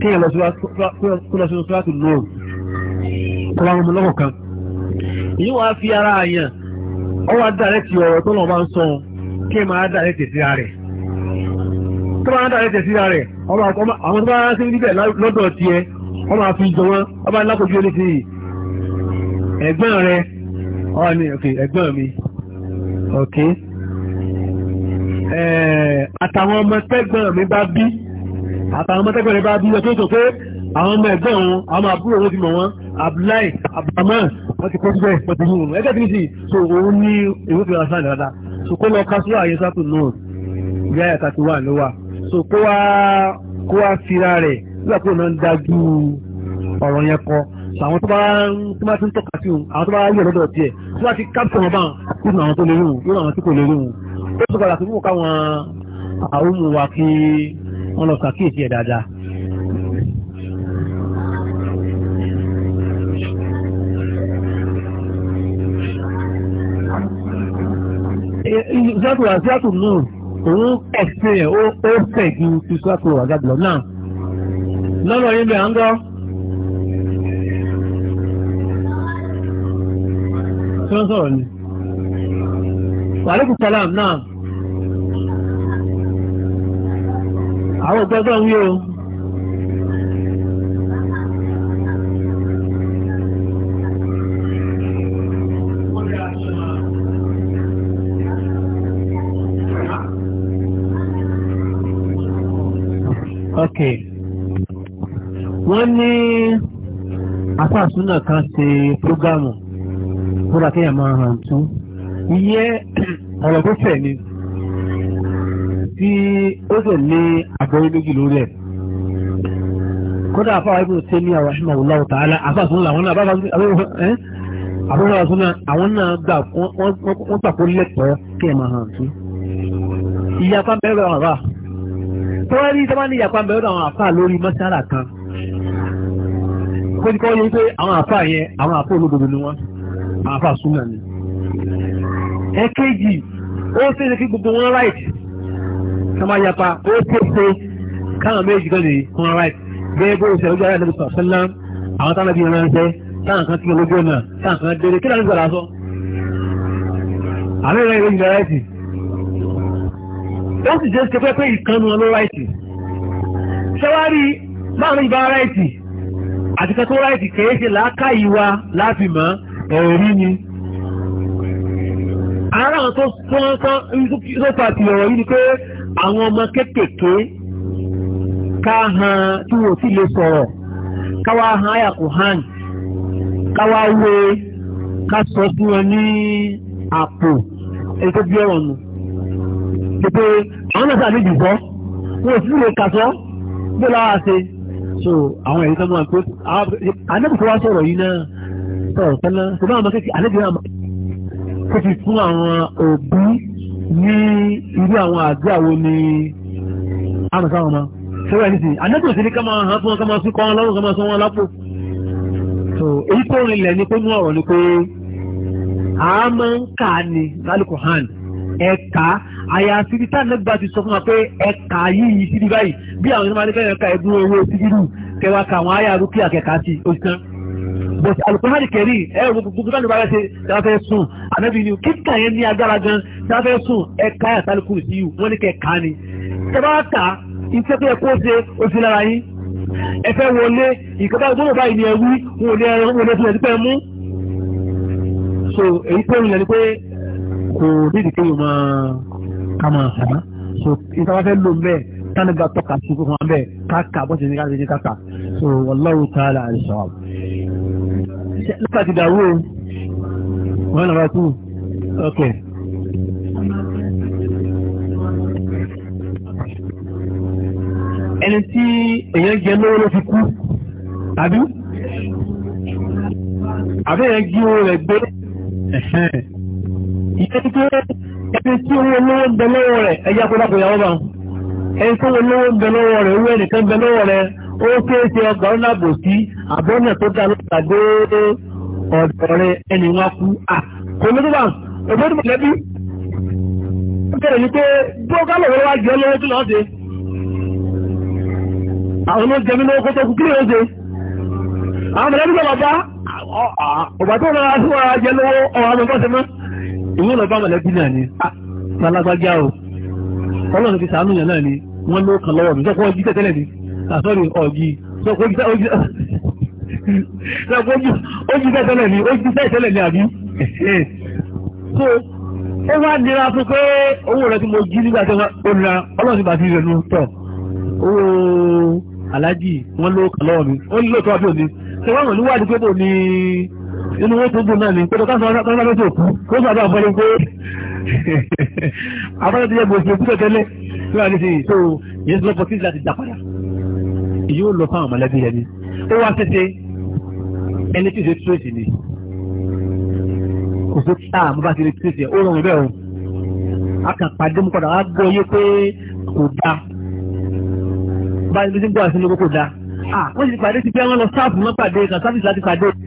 kéèyàn lọ sí wá tó lọ sí wá tó lóòrùn kọ́ra ọmọ lọ́kọ̀ fi ara àyàn ọwọ́ dàrẹ́tì ọ̀rọ̀ tó lọ́ọ́ bá ń sọ kí máa dàrẹ́tì sí rẹ̀ tó máa dàrẹ́tì sí rẹ̀ àwọn tó máa ń sẹ́yìn níbẹ̀ lọ́dọ̀ tiẹ̀ wọ́n máa fi jọ wọn wọ́n máa ń lákòójú ẹni sí ẹ̀gbọ́n rẹ̀ ọ̀ ni ẹ̀gbọ́n mi okay àtàwọn ọmọ tẹ́gbọ̀n mi bá bí àtàwọn ọmọ tẹ́gbọ̀n mi bá bí ọjọ́ ìtò pé àwọn ọmọ ẹ̀gbọ́n wọn àwọn àbúrò wọn ti mọ̀ wọn abdullahi abdulhamid wọ́n ti pọ́sibẹ̀ pẹ̀lú ìhùn ẹgbẹ́ tí ní sí so òun ní ìwé fi ọ̀sán dáadáa so kó lọ ká sóra yẹn sátò náà bí àyà tàbí wà ló wà so kó wá kó wá fira rẹ̀ nígbà tó náà ń dájú ọ̀rọ̀ yẹn kọ so àwọn tó bá tó bá ti ń tọ́ka sí òun àwọn tó bá yẹ lọ́dọ̀ tiẹ̀ tó bá ti kápítọ̀ wọn bá kó nù àwọn tó lè rí òun yóò ìṣẹ́kù àṣíyàtù náà òun pọ̀ sí ẹ̀ ó fẹ̀ ju ti ṣẹ́kù àgbàgbọ́ náà lọ́nà yín bẹ̀ à ń gọ́. tí wọ́n sọ̀rọ̀ ni wàlẹ́kùn salam náà àwọn ògbẹ́gbẹ́ ń yé o. àfàsúnà kan ṣe prógámù fúnra kéèyàn máa hàn tún iye ọ̀rọ̀ tó fẹ̀ ni tí ó sì ní àgbọ̀yé méjì lórí ẹ̀ kódà àfáwà ibùdó tẹ́ ní àwọn ìṣúná òláwò tààlà àfàsúnà àwọn náà àfàsúnà àwọn náà gbà wọ́n gbà kó lẹ́tọ̀ọ́ kéèyàn máa hàn tún ìyapa bẹ̀rẹ̀ àwọn àfà tó wá rí tó bá ní ìyapa bẹ̀rẹ̀ àwọn àfà lórí mọ́sálà kan kó ní kọ́ yẹn pé àwọn àfà yẹn àwọn àfà olódodo ni wọ́n àwọn àfà súnmọ̀ ni. ẹ̀kejì ó ṣe é kí gbogbo wọn right ká máa yapa ó pèsè káwọn méjì kan lè wọn right bẹ́ẹ̀ bó ṣe ojú ara ìlú sọ̀sẹ́lá àwọn táwọn ẹbí ránṣẹ́ táwọn kan ti lójú ọ̀nà táwọn kan dédé kí lóun gbàdá sọ. àmì ìrìn ìrìn ìrìn right ó sì jẹ́ ṣe pé pé ìkànnì wọn ló àti kan tó ráìtì kèé ṣe láákà ìwà láti mọ́ ẹ̀rí ni ara àwọn tó sọ́nsán ìrọ́pàá ti ọ̀rọ̀ yìí ni pé àwọn ọmọ kéékèèké ká han tí wò sí lè sọ̀rọ̀ káwá han àyàkù han káwá wé ká sọ fún wọn ní àpò èyí bí ọ̀rọ̀ nù pé àwọn náà sàlejò bọ́ wọn ò lè kà sọ́ bí ó láwàá ṣe so àwọn ẹ̀rí kan máa pé anábì tó wá sọ̀rọ̀ yìí náà sọ̀rọ̀ tẹ́lá tó bá ọmọ kékeré anábì náà kó fi fún àwọn òbí ní irú àwọn àgbà wo ni àrùn sáwọn ọmọ sọ́wọ́ ẹni sí anábì òsì ní ká máa hàn fún wọn ká máa sún kọ́ wọn lọ́rùn ká máa sún wọn lápò so èyí tó rinlẹ̀ ni pé mú ọ̀rọ̀ ni pé àá máa ń kà á ní lálùkù hàn ẹ̀ka àyàfi tí tánàgbà ti sọ fún wa pé ẹ̀ka yìí síbi báyìí bí àwọn ìṣẹ́mọ́ adékẹ́yìn ẹ̀ka ẹ̀dún owó síbírù kẹwàá ka àwọn àyà rúkì àkẹ́kà sí òṣìṣẹ́ bọ̀t alùpùpù kẹrì ẹ̀rọ gbogbo tánàgbà bá ṣe dáa fẹ́ sùn ànábì ni kíkà yẹn ní agbára gan dáa fẹ́ sùn ẹ̀ka àtàlùkù sí wọn ní kẹ̀ka ni tẹ́bá ta iṣẹ́ tó yẹ kó ṣe oṣù lára yín ẹ̀fẹ́ wọlé ìkọ́bá ìgbóhùn báyìí ni ẹ̀wí wọn ò ní ẹran wọn ò ní ẹ̀fún ẹ̀dúpẹ́ mú so èyí tó ń lẹ́ni pé kò nídìí kí wọ́n máa ká máa hàn án so ìtawáfẹ́ ló ń bẹ́ẹ̀ tani ba tọ́ka sí fún wọn bẹ́ẹ̀ káàkà bó ti ní káàkà ní káàkà so wallahu ta'ala àìsàn. lọ́pàá ti dàrú o wọ́n nàbà tún ok. ẹni tí èèyàn jẹ lówó ló fi kú àbí àbí èèyàn jí owó rẹ̀ gbé ìyẹn tó ẹni tí owó olówó ń bẹ lọ́wọ́ rẹ̀ ẹ̀yà kọ́dàpọ̀ ìyàwó bá ẹni tó owó olówó ń bẹ lọ́wọ́ rẹ̀ owó ẹnìkan bẹ lọ́wọ́ rẹ̀ ó kéèké ọgbà ọ̀nà àbòsí àbọ̀nà tó dá lọ́ta dé ọ̀dọ̀ rẹ̀ ẹni wọn kú à kò ní bá ọgbọ́n tó lẹ́bí ó bẹ̀rẹ̀ ní pé bí ó kálọ̀ wọ́n wá jẹ́ lọ́wọ́ tó lọ́ọ́ ṣe àwọn ọmọ jẹmi lọ́wọ́ kó tó kú kí ló ṣe àwọn mọ̀lẹ́bí ìwọ́n lọ bá mọ̀lẹ́bí náà ni ah, alágbájá o ọlọ́run fi sàánú yàn náà ni wọ́n ló kàn lọ́wọ́ mi sọ́kọ́ ojú tẹ́tẹ́lẹ̀ ni àsọ́rí ah, ọ̀gì sọ́kọ́ ojú tẹ́tẹ́lẹ̀ ni ojú tẹ́tẹ́lẹ̀ ni àbí so ó wá nira fún pé owó rẹ tí mo jí nígbà tí wọ́n nira ọlọ́run ti bá ti rẹ̀ nu tọ̀ owó alájì wọ́n ló kàn lọ́wọ́ mi ó ní lóòótọ́ àbí òní ṣé wọ́n mọ̀ níwádìí pé bò ní inú wọ́n tó dùn náà ní pé lọ́kàn sọ́nà tọ́lá lọ́sọ̀ òkú kó sọ́dọ̀ àbọ̀lẹ̀ pé àbọ̀lẹ̀ ti yẹ gbòòsì òkú tẹ̀tẹ̀lẹ̀ tó wà nísìnyí tó yẹn lọ́pọ̀ sí láti dà padà yóò lọ fáwọn mọ̀lẹ́bí rẹ̀ ni ó wá tètè ẹni tí ìṣe tírèsì ni kò sí táà mo bá ti rí a kàn pàdé mu padà wá gbọ́ yé pé kò dáa báyìí ló ti ń gbọ́ àṣẹ lóko kò dáa ah wọ́n ti pàdé ti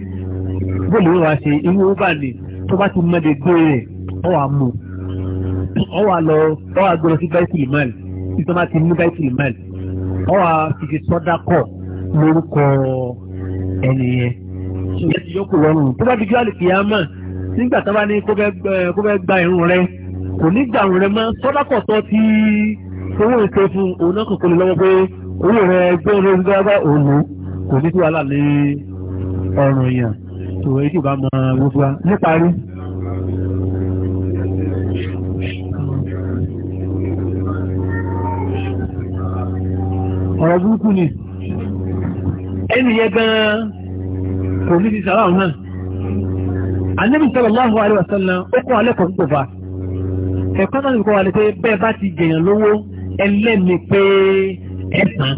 bóòlù wá ṣe irú ó bá lè tó bá ti mọ́lẹ̀ gbé rẹ̀ ọ wà mú ọ wà lọ ọ wà gbọ́dọ̀ sí báìsìlì máàlì tí tó bá ti mú báìsìlì máàlì ọ wà fìdí sọ́dá kọ̀ lórúkọ ẹni yẹn ìyẹn ti yọkù lọ́rùn tó bá fi jọ́ àlùkìyàmọ̀ nígbà tó bá ní kó fẹ́ gba irun rẹ̀ kò ní gbà irun mọ́ sọ́dá kọ̀ tọ́ ti owó ìṣe fún òun náà kòkòrò lọ́wọ́ pé owó rẹ̀ gbé ní sí yẹn ìwé tí bá mọ gbogbo níparí ọ̀rọ̀ burúkú ni ẹni yẹ gan kò ní ti sàrọ̀ náà Ànábì sallallahu alaihi wasallam ó kọ́ alẹ́kọ̀ọ́ púpọ̀ fa ẹ̀kọ́ náà nìkan wà ní pé bẹ́ẹ̀ bá ti jẹ̀yàn lówó ẹlẹ́mi pé ẹ̀sán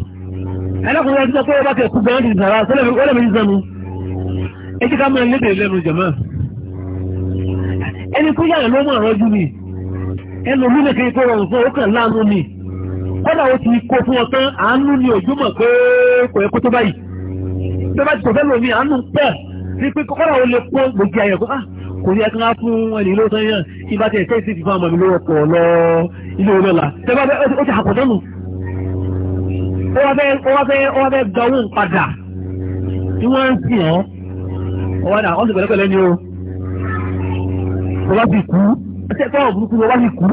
ẹlẹ́kùnrin ẹ̀sán pé ó bá kẹ̀kú gan-an ti sàrọ̀ sọ́lẹ̀mí sànú ẹ jẹ́ ká máa lébèrè lẹ́nu jẹ̀mọ́ ẹni tó yára ló mọ̀ ọ̀rọ̀ jù mí ẹnu mi lè kéde tó rọrùn fún ọkàn láàánú mi kọ́dà ó ti kó fún ọ tán àánú ni òjò mọ̀ pé kò yẹ kó tó báyìí tó bá ti sọ̀fẹ́ lómi àánú pẹ̀ sí pé kọ́dà ó lè pọ́n gbòógì ayọ̀ kó ah, kò ní ẹ̀ka fún ẹni ìlú sàn yàn kí bá ti ẹ̀kẹ́ sí fífún àmọ́ lọ ilé olóò la tẹ́ bá ó ti àpọ̀ dánù ó wá fẹ́ gba owó padà tí wọ́n ń sìn ọ́ ọwọ́ náà wọ́n ti pẹ̀lẹ́pẹ̀lẹ́ ni o ọba ti kú ẹsẹ̀ tọ́wọ̀ burúkú ọba ti kú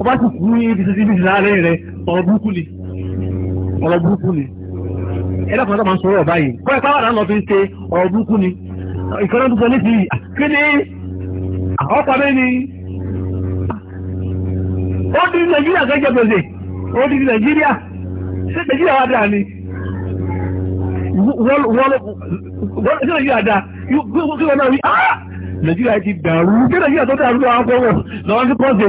ọba ti kú ní ibi títí ibi láàrin rẹ ọ̀rọ̀ burúkú ni ọ̀rọ̀ burúkú ni ẹ̀dá kan tó máa ń sọ̀rọ̀ ọba yìí kọ́ ẹ̀pá wàdà lọ fi ń ṣe ọ̀rọ̀ burúkú ni ìkọ́nà tó sọ ní ti kí ni ọ̀pá bẹ́ẹ̀ ni ó di Nàìjíríà gẹ́gẹ́ gbèsè ó di Nàìjíríà ṣé Nàìjíríà wà dáa ni wọ́n nàìjíríà dá kí wọ́n náà rí ah nàìjíríà ti dàrú kí nàìjíríà tó dàrú lọ́wọ́ fọwọ́ lọ́wọ́ sí pọ́ǹsì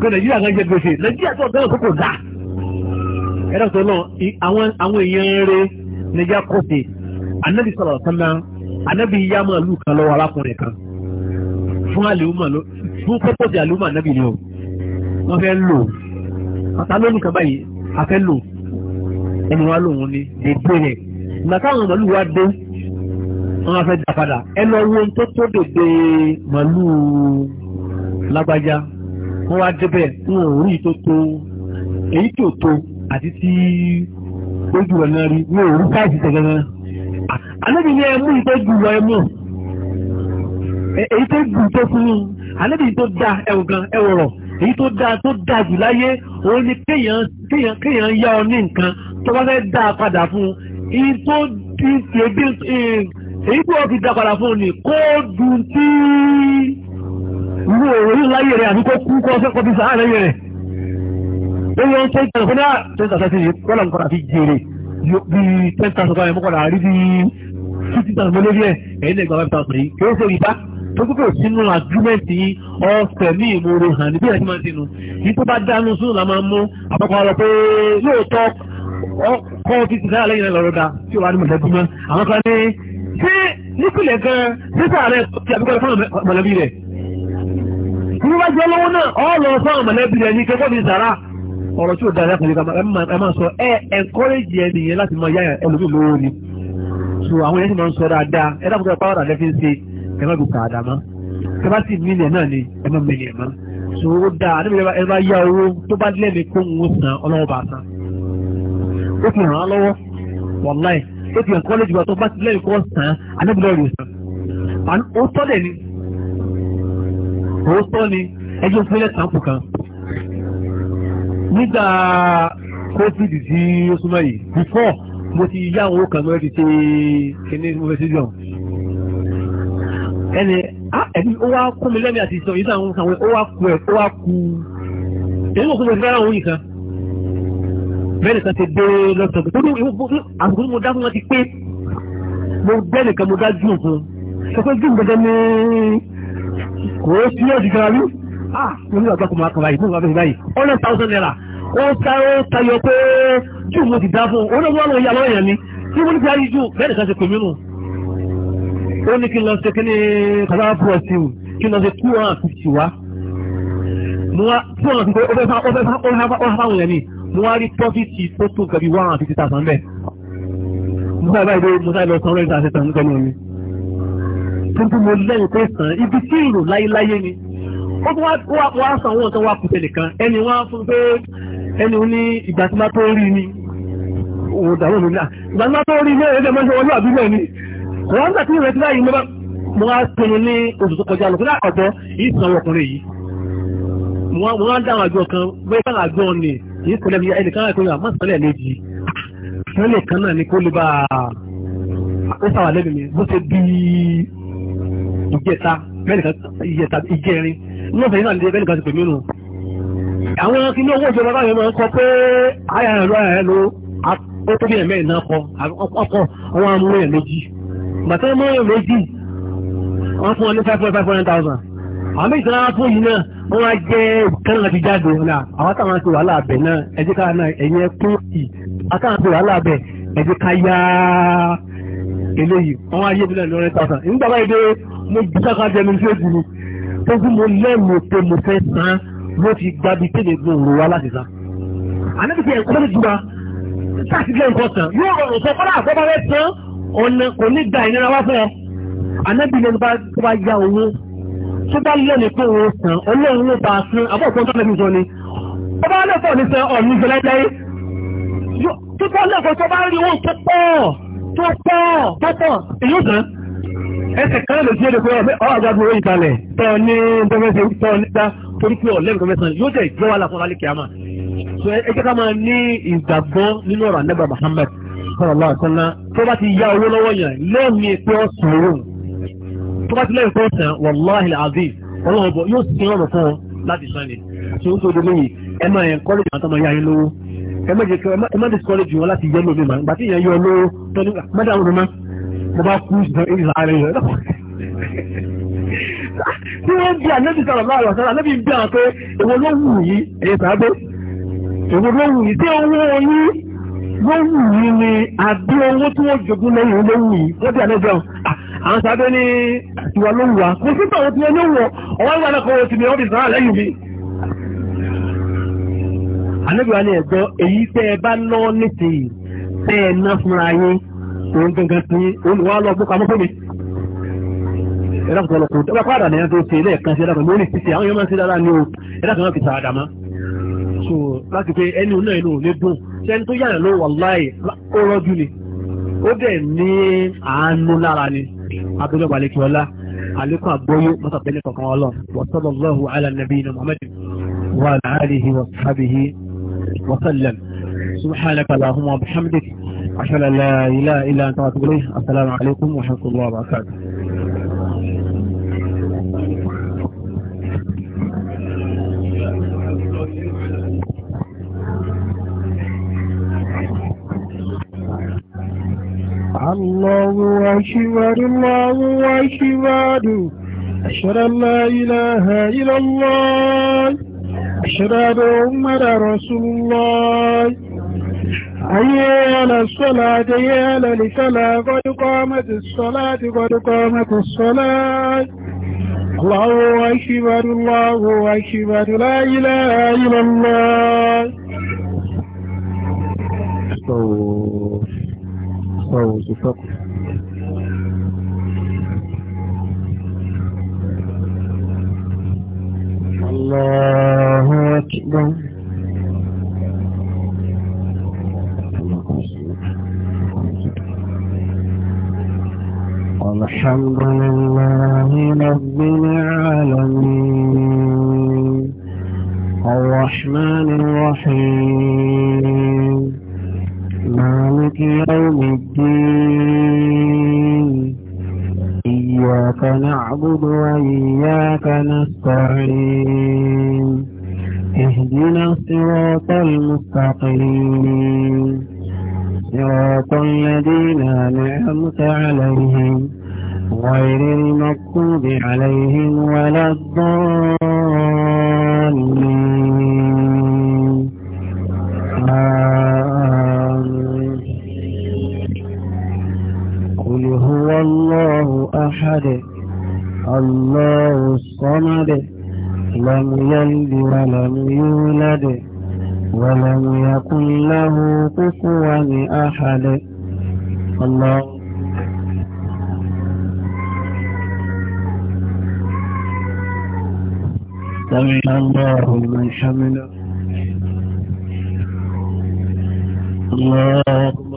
pé nàìjíríà kan jẹ gbèsè nàìjíríà tó dàrú kókò dá ẹ̀rọ tó náà àwọn èèyàn rẹ̀ nàìjíríà báyìí a lò ẹni wá lòun ni lè bẹ̀rẹ̀ màtáwọn màálù wá dé wọn á fẹ́ dà padà ẹ lọ wo tó tó dèdè màálù lágbájá wọn wá débẹ̀ wọn ò rí tó tó èyí tó tó àti tí ojú rẹ̀ náà rí wọn ò rí káàsì tẹ̀gẹ́ náà ànábì ni ẹ mú ìtọ́jú lọ ẹ mú èyí tó gùn tó fún un ànábì tó da ẹwọ gan ẹwọ rọ èyí tó dáa tó dáa jù láyé òun ni kéèyàn kéèyàn kéèyàn yá ọ ní nǹkan tó bá fẹ́ dáa padà fún un ìtò ìtòbí èyí tí wọ́n fi dá padà fún ni kó dùn tí irú òwe yìí láyé rẹ̀ àti kó kú kọ́ sẹ́kọ̀ọ́ bí sàárẹ̀ yẹn rẹ̀. lórí ohun tó ń tẹ̀lé fún ní àtẹ́sà ah, tẹ́sí yìí kọ́lá nǹkan àti jèrè bí ten thousand five mọ́kànlá rí bí fifty thousand mọ́lẹ́ bí ẹ̀ ẹ̀yìn lẹ́gbàá five thousand yìí kí ó ṣe ìbá tó kúkú sínú agreement yìí ọ̀sẹ̀ ní ìmúre hàn níbi ẹ̀ kọ́ ti ti sáyà lẹ́yìn rẹ̀ lọ́rọ̀ da tí ó wà ní mọ̀lẹ́bí mọ́ àwọn kan ní ṣé nípìnlẹ̀ gan sísà rẹ̀ ti àbíkọ́ fún mọ̀lẹ́bí rẹ̀ ní wá jẹ́ lọ́wọ́ náà ọ́ lọ fún mọ̀lẹ́bí rẹ̀ ní kẹ́kọ́ ti sàrà ọ̀rọ̀ tí ó dára kò ní ká ẹ máa sọ ẹ ẹ̀ńkọ́rẹ́jì ẹni yẹn láti máa yáyà ẹlòmí lówó ni so àwọn yẹn sì máa ń sọ dáadáa ẹ dáàbò tó pàwọ́ dàdẹ́ fi ń ṣe ẹ má dùkà àdàmọ́ ẹ bá sì mí ilẹ̀ náà ni ẹ má mẹ́lẹ̀ mọ́ so ó dáa ẹ bá yá owó tó bá lẹ́mìí kó ń san ọlọ́wọ́ bá san ó fi ràn án lọ́wọ́ wàláì ó fi hàn kọ́lẹ́jì wa tó bá ti lẹ́yìn kọ́ sàn án anábìlẹ̀ rẹ̀ sàn ó tọ́ dẹ̀ ni ó tọ́ ni ẹjọ́ fẹ́lẹ́ sàǹpù kan nígbà covid tí ó súnmọ́ yìí before mo ti yá owó kan mọ́ ti ṣe kíní mo fẹ́ sí jọ ẹni ẹni ó wá kún mi lẹ́mìí àti ìṣọ̀ yìí sàn ó wá kú ẹ̀ ó wá kú èyí mo kún mo fẹ́ràn òun yìí kan bẹ́ẹ̀ni kan ti dé lọ́sọ̀gbọ̀n tó ní àsìkò tí mo dá fún wọn ti pé mo bẹ́ẹ̀ni kan mo dá jù fún sọ pé jù gẹ́gẹ́ ní kò ó sí ọ̀dì gan rí ah mo ní àgbà kò máa kàn báyìí mo ní àgbà kò báyìí ọ̀nà thousand naira ó ta ó tayọ pé jù mo ti dá fún òun náà wọ́n yà lọ́yàn ni tí mo ní ti ayé jù bẹ́ẹ̀ni kan ti pè mí nù ó ní kí n lọ ṣe kí ni kàdáwà pọ̀ sí i kí n lọ ṣe two hundred and fifty wa mo wá two hundred and fifty ó fẹ́ fáwọn yẹn ni mo wá rí pọ́fíìtì tó tó gẹ̀bí one hundred fifty thousand bẹ́ẹ̀ musa báyìí pé musa lọ san rẹ́ńtà ṣe tàn ń gbẹ́nu mi tuntun mo lẹ́yìn pé sàn ibi tí ìrò láyéláyé ni ó tún wá san owó nǹkan wá kùtẹ̀ nìkan ẹni wá fún pé ẹni ó ní ìgbà tí máa tó rí ni òun dàrú mi náà ìgbà tí máa tó rí ni ẹ̀rọ ẹ̀dẹ̀ mọ́ṣẹ́ wọlé àbí bẹ́ẹ̀ ni wọ́n ń gbà tí ìrẹsì láyé mo bá mo wá pinnu ní oṣù tó kọjá àjọ kan bóyá àjọ ni kìí sọ lẹ́bi ẹnìkan láti kóyọ̀ àmọ́ sọ́lẹ̀ méjì sọ́lẹ̀ kan náà ni kó lè bá ó sàwà lẹ́bi mi bó ṣe bí ìjẹta mẹ́nìkan ìjẹta ìjẹrin ní ọ̀sẹ̀ yìí náà lè mẹ́nìkan ti pè mí nù. àwọn kìíní owó ìjọba báyọ̀ máa ń kọ pé àyà ẹ̀rọ ẹ̀rọ ó tó bí ẹ̀mẹ́ ìná kọ ọkọ̀ àwọn amúyẹ̀ méjì gbàtẹ́ mọ́ méjì wọ́n fún ọ ní five point five hundred thousand àwọn méjì náà fún yìí náà wọ́n wá jẹ́ kánà láti jáde ọ̀la àwọn táwọn àti wàhálà abẹ náà ẹ̀jẹ̀ ká náà ẹ̀yẹ kún sí àtàwọn àti wàhálà abẹ ẹ̀jẹ̀ ká yá eléyìí wọ́n wá yé mi náà ní ọ̀rẹ́ tàwọn dé mo bí sáká jẹnu tí ó jù mí tó fún mo lẹ́nu pé mo fẹ́ san ló ti gba tèmi gbọ́n òru wá láti san. àná ti fi ẹ̀kọ́ lójú wa táàsì lẹ́yìn sàn yóò rọrùn sọ fọ́lá tó bá lẹ́ni pé òun sàn ọlọ́run ló bá sàn àbọ̀ òkú tó lẹ́nu sọ ni ó bá lẹ́kọ̀ọ́ ní sàn ọ̀nì ìfẹ́lẹ́lẹ́ tó bá lẹ́kọ̀ọ́ tó bá rí owó tó pọ̀ tó pọ̀ tó pọ̀ èyí ó sàn ẹsẹ̀ kan lè fi èdè pé ọ̀rọ̀ àjọ àbúrò ìbalẹ̀ tọ́ ní dọ́mẹ́sẹ̀ tọ́ nígbà torí pé ọ̀lẹ́ nǹkan mẹ́sàn yóò jẹ́ ìjọ wàhálà fún alẹ́kẹ́ àmà so ẹ jẹ́ ká máa ní ìgbàgbọ́ nínú ọ̀rọ̀ àdẹ́gbà Muhammad sọ̀rọ̀ lọ́wọ́ àtúná tó bá ti yá owó lọ́wọ́ yẹn lẹ́ẹ̀mí pé ọ̀sán òun tó bá ti lẹ́yìn kó sàn wàláhì azeez ọlọ́run bọ̀ yóò sin ọ̀rọ̀ fún ọ láti sàn ni tí ó ń tó dolóyè ẹ máa yẹn kọ́lé àwọn tọmọ yá yín lówó ẹ má jẹ kí ẹ má discourage wọn láti yẹ lómi mà gbà tí ìyẹn yọ lówó tọ́ni mẹ́ta àwọn ọmọ mo bá kú ìsàn èyí láàrin yẹn tí wọ́n bí ànábì sọ̀rọ̀ bá àrọ̀ sọ̀rọ̀ ànábì bí àwọn pé èwo ló wù yìí èyí sàbẹ̀ èwo ló wọ́n wù mí ni àbí owó tí wọ́n jogún lẹ́yìn ló wù yìí wọ́n ti àlejò ah, àwọn sábẹ́ ní àtiwá ló wù wá kò sí àwọn tí wọ́n ló wọ̀ ọwọ́ ìwà náà kọ́ wọ́n ti ní ọ́fíìsì náà lẹ́yìn mi. àlejò wa ni ẹ̀gbọ́n èyí tẹ́ ẹ bá ná nísìnyí tẹ́ ẹ ná fúnra yín òun gangan sí olùwà lọ bó pamọ́ fún mi ẹ̀dá kan lọ́kùn tó bá pàdà ní ẹ̀dá tó ilé ẹ̀kan sí ẹ̀dá kan lórí títí àwọn yọmọ sí dáadáa ní o ẹ̀dá kan náà fi sàádà mọ́ so láti pé ẹni náà inú ò lè dùn ṣẹ́ni tó yàrá ló wàláì ó rọ́jú ni ó dẹ̀ ní àánú lára ni abúlé balẹ̀kíọ́lá àlékún àgbóyó mọ́tàbẹ́lẹ̀ kọ̀ọ̀kan ọlọ́run wa sallallahu ala nabiyina muhammadin wa ala alihi wa sahbihi wa sallam subhanaka allahumma wa bihamdik ashhadu an la ilaha illa anta wa atubu wa barakatuh الله أكبر الله أكبر أشهد أن لا إله إلا الله أشهد أن محمد رسول الله حي على الصلاة حي على الفلاح قد قامت الصلاة قد قامت الصلاة الله أكبر الله أكبر لا إله إلا الله فوز فقط الله أكبر الحمد لله رب العالمين الرحمن الرحيم يوم الدين إياك نعبد وإياك نستعين اهدنا الصراط المستقيم صراط الذين أنعمت عليهم غير المكتوب عليهم ولا الضالين أحد الله الصمد لم يلد ولم يولد ولم يكن له كفوا أحد الله سمع الله من الله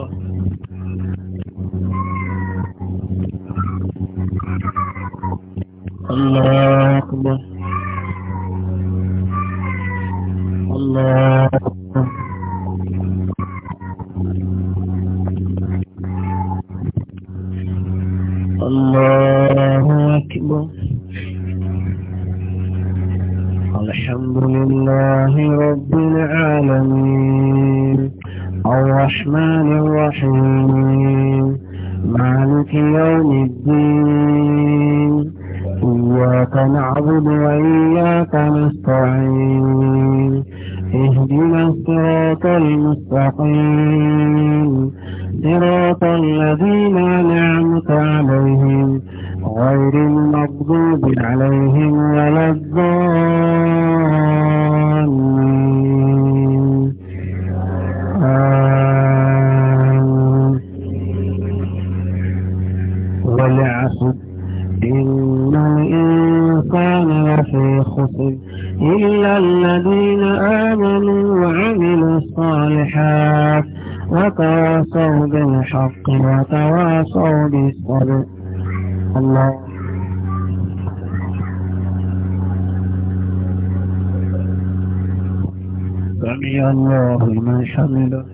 الله أكبر والعصر إن الإنسان لفي خسر إلا الذين آمنوا وعملوا الصالحات وتواصوا بالحق وتواصوا بالصبر الله سمع الله من حمده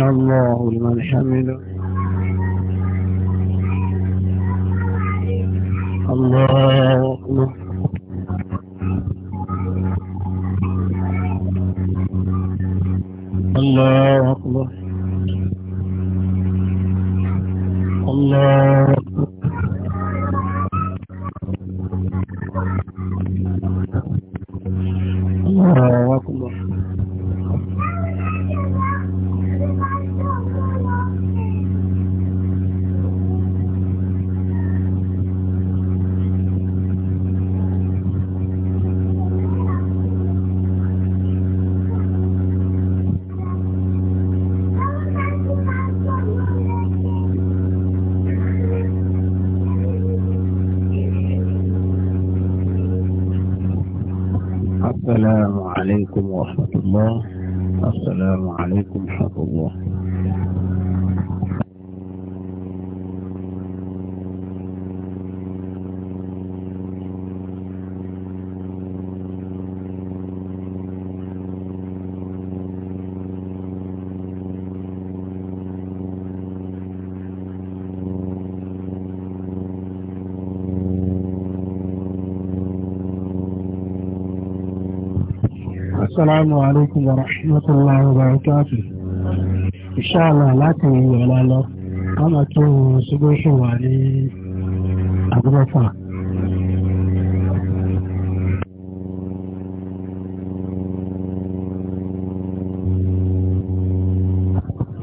الله لمن حمده الله أكبر الله Assalamu alaikum wa rahmatullahi wa barakatuh. Insha Allah láti ìyọ̀lá lọ, wọ́n máa tó ṣubú fún wa ní àgbẹ̀fà.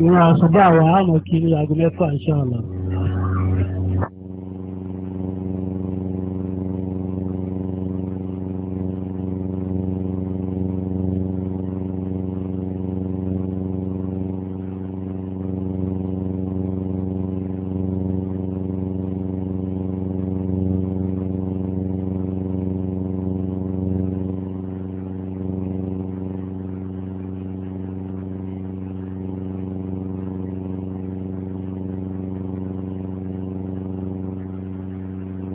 Ìwọ̀n àṣọ́bà wa Insha Allah.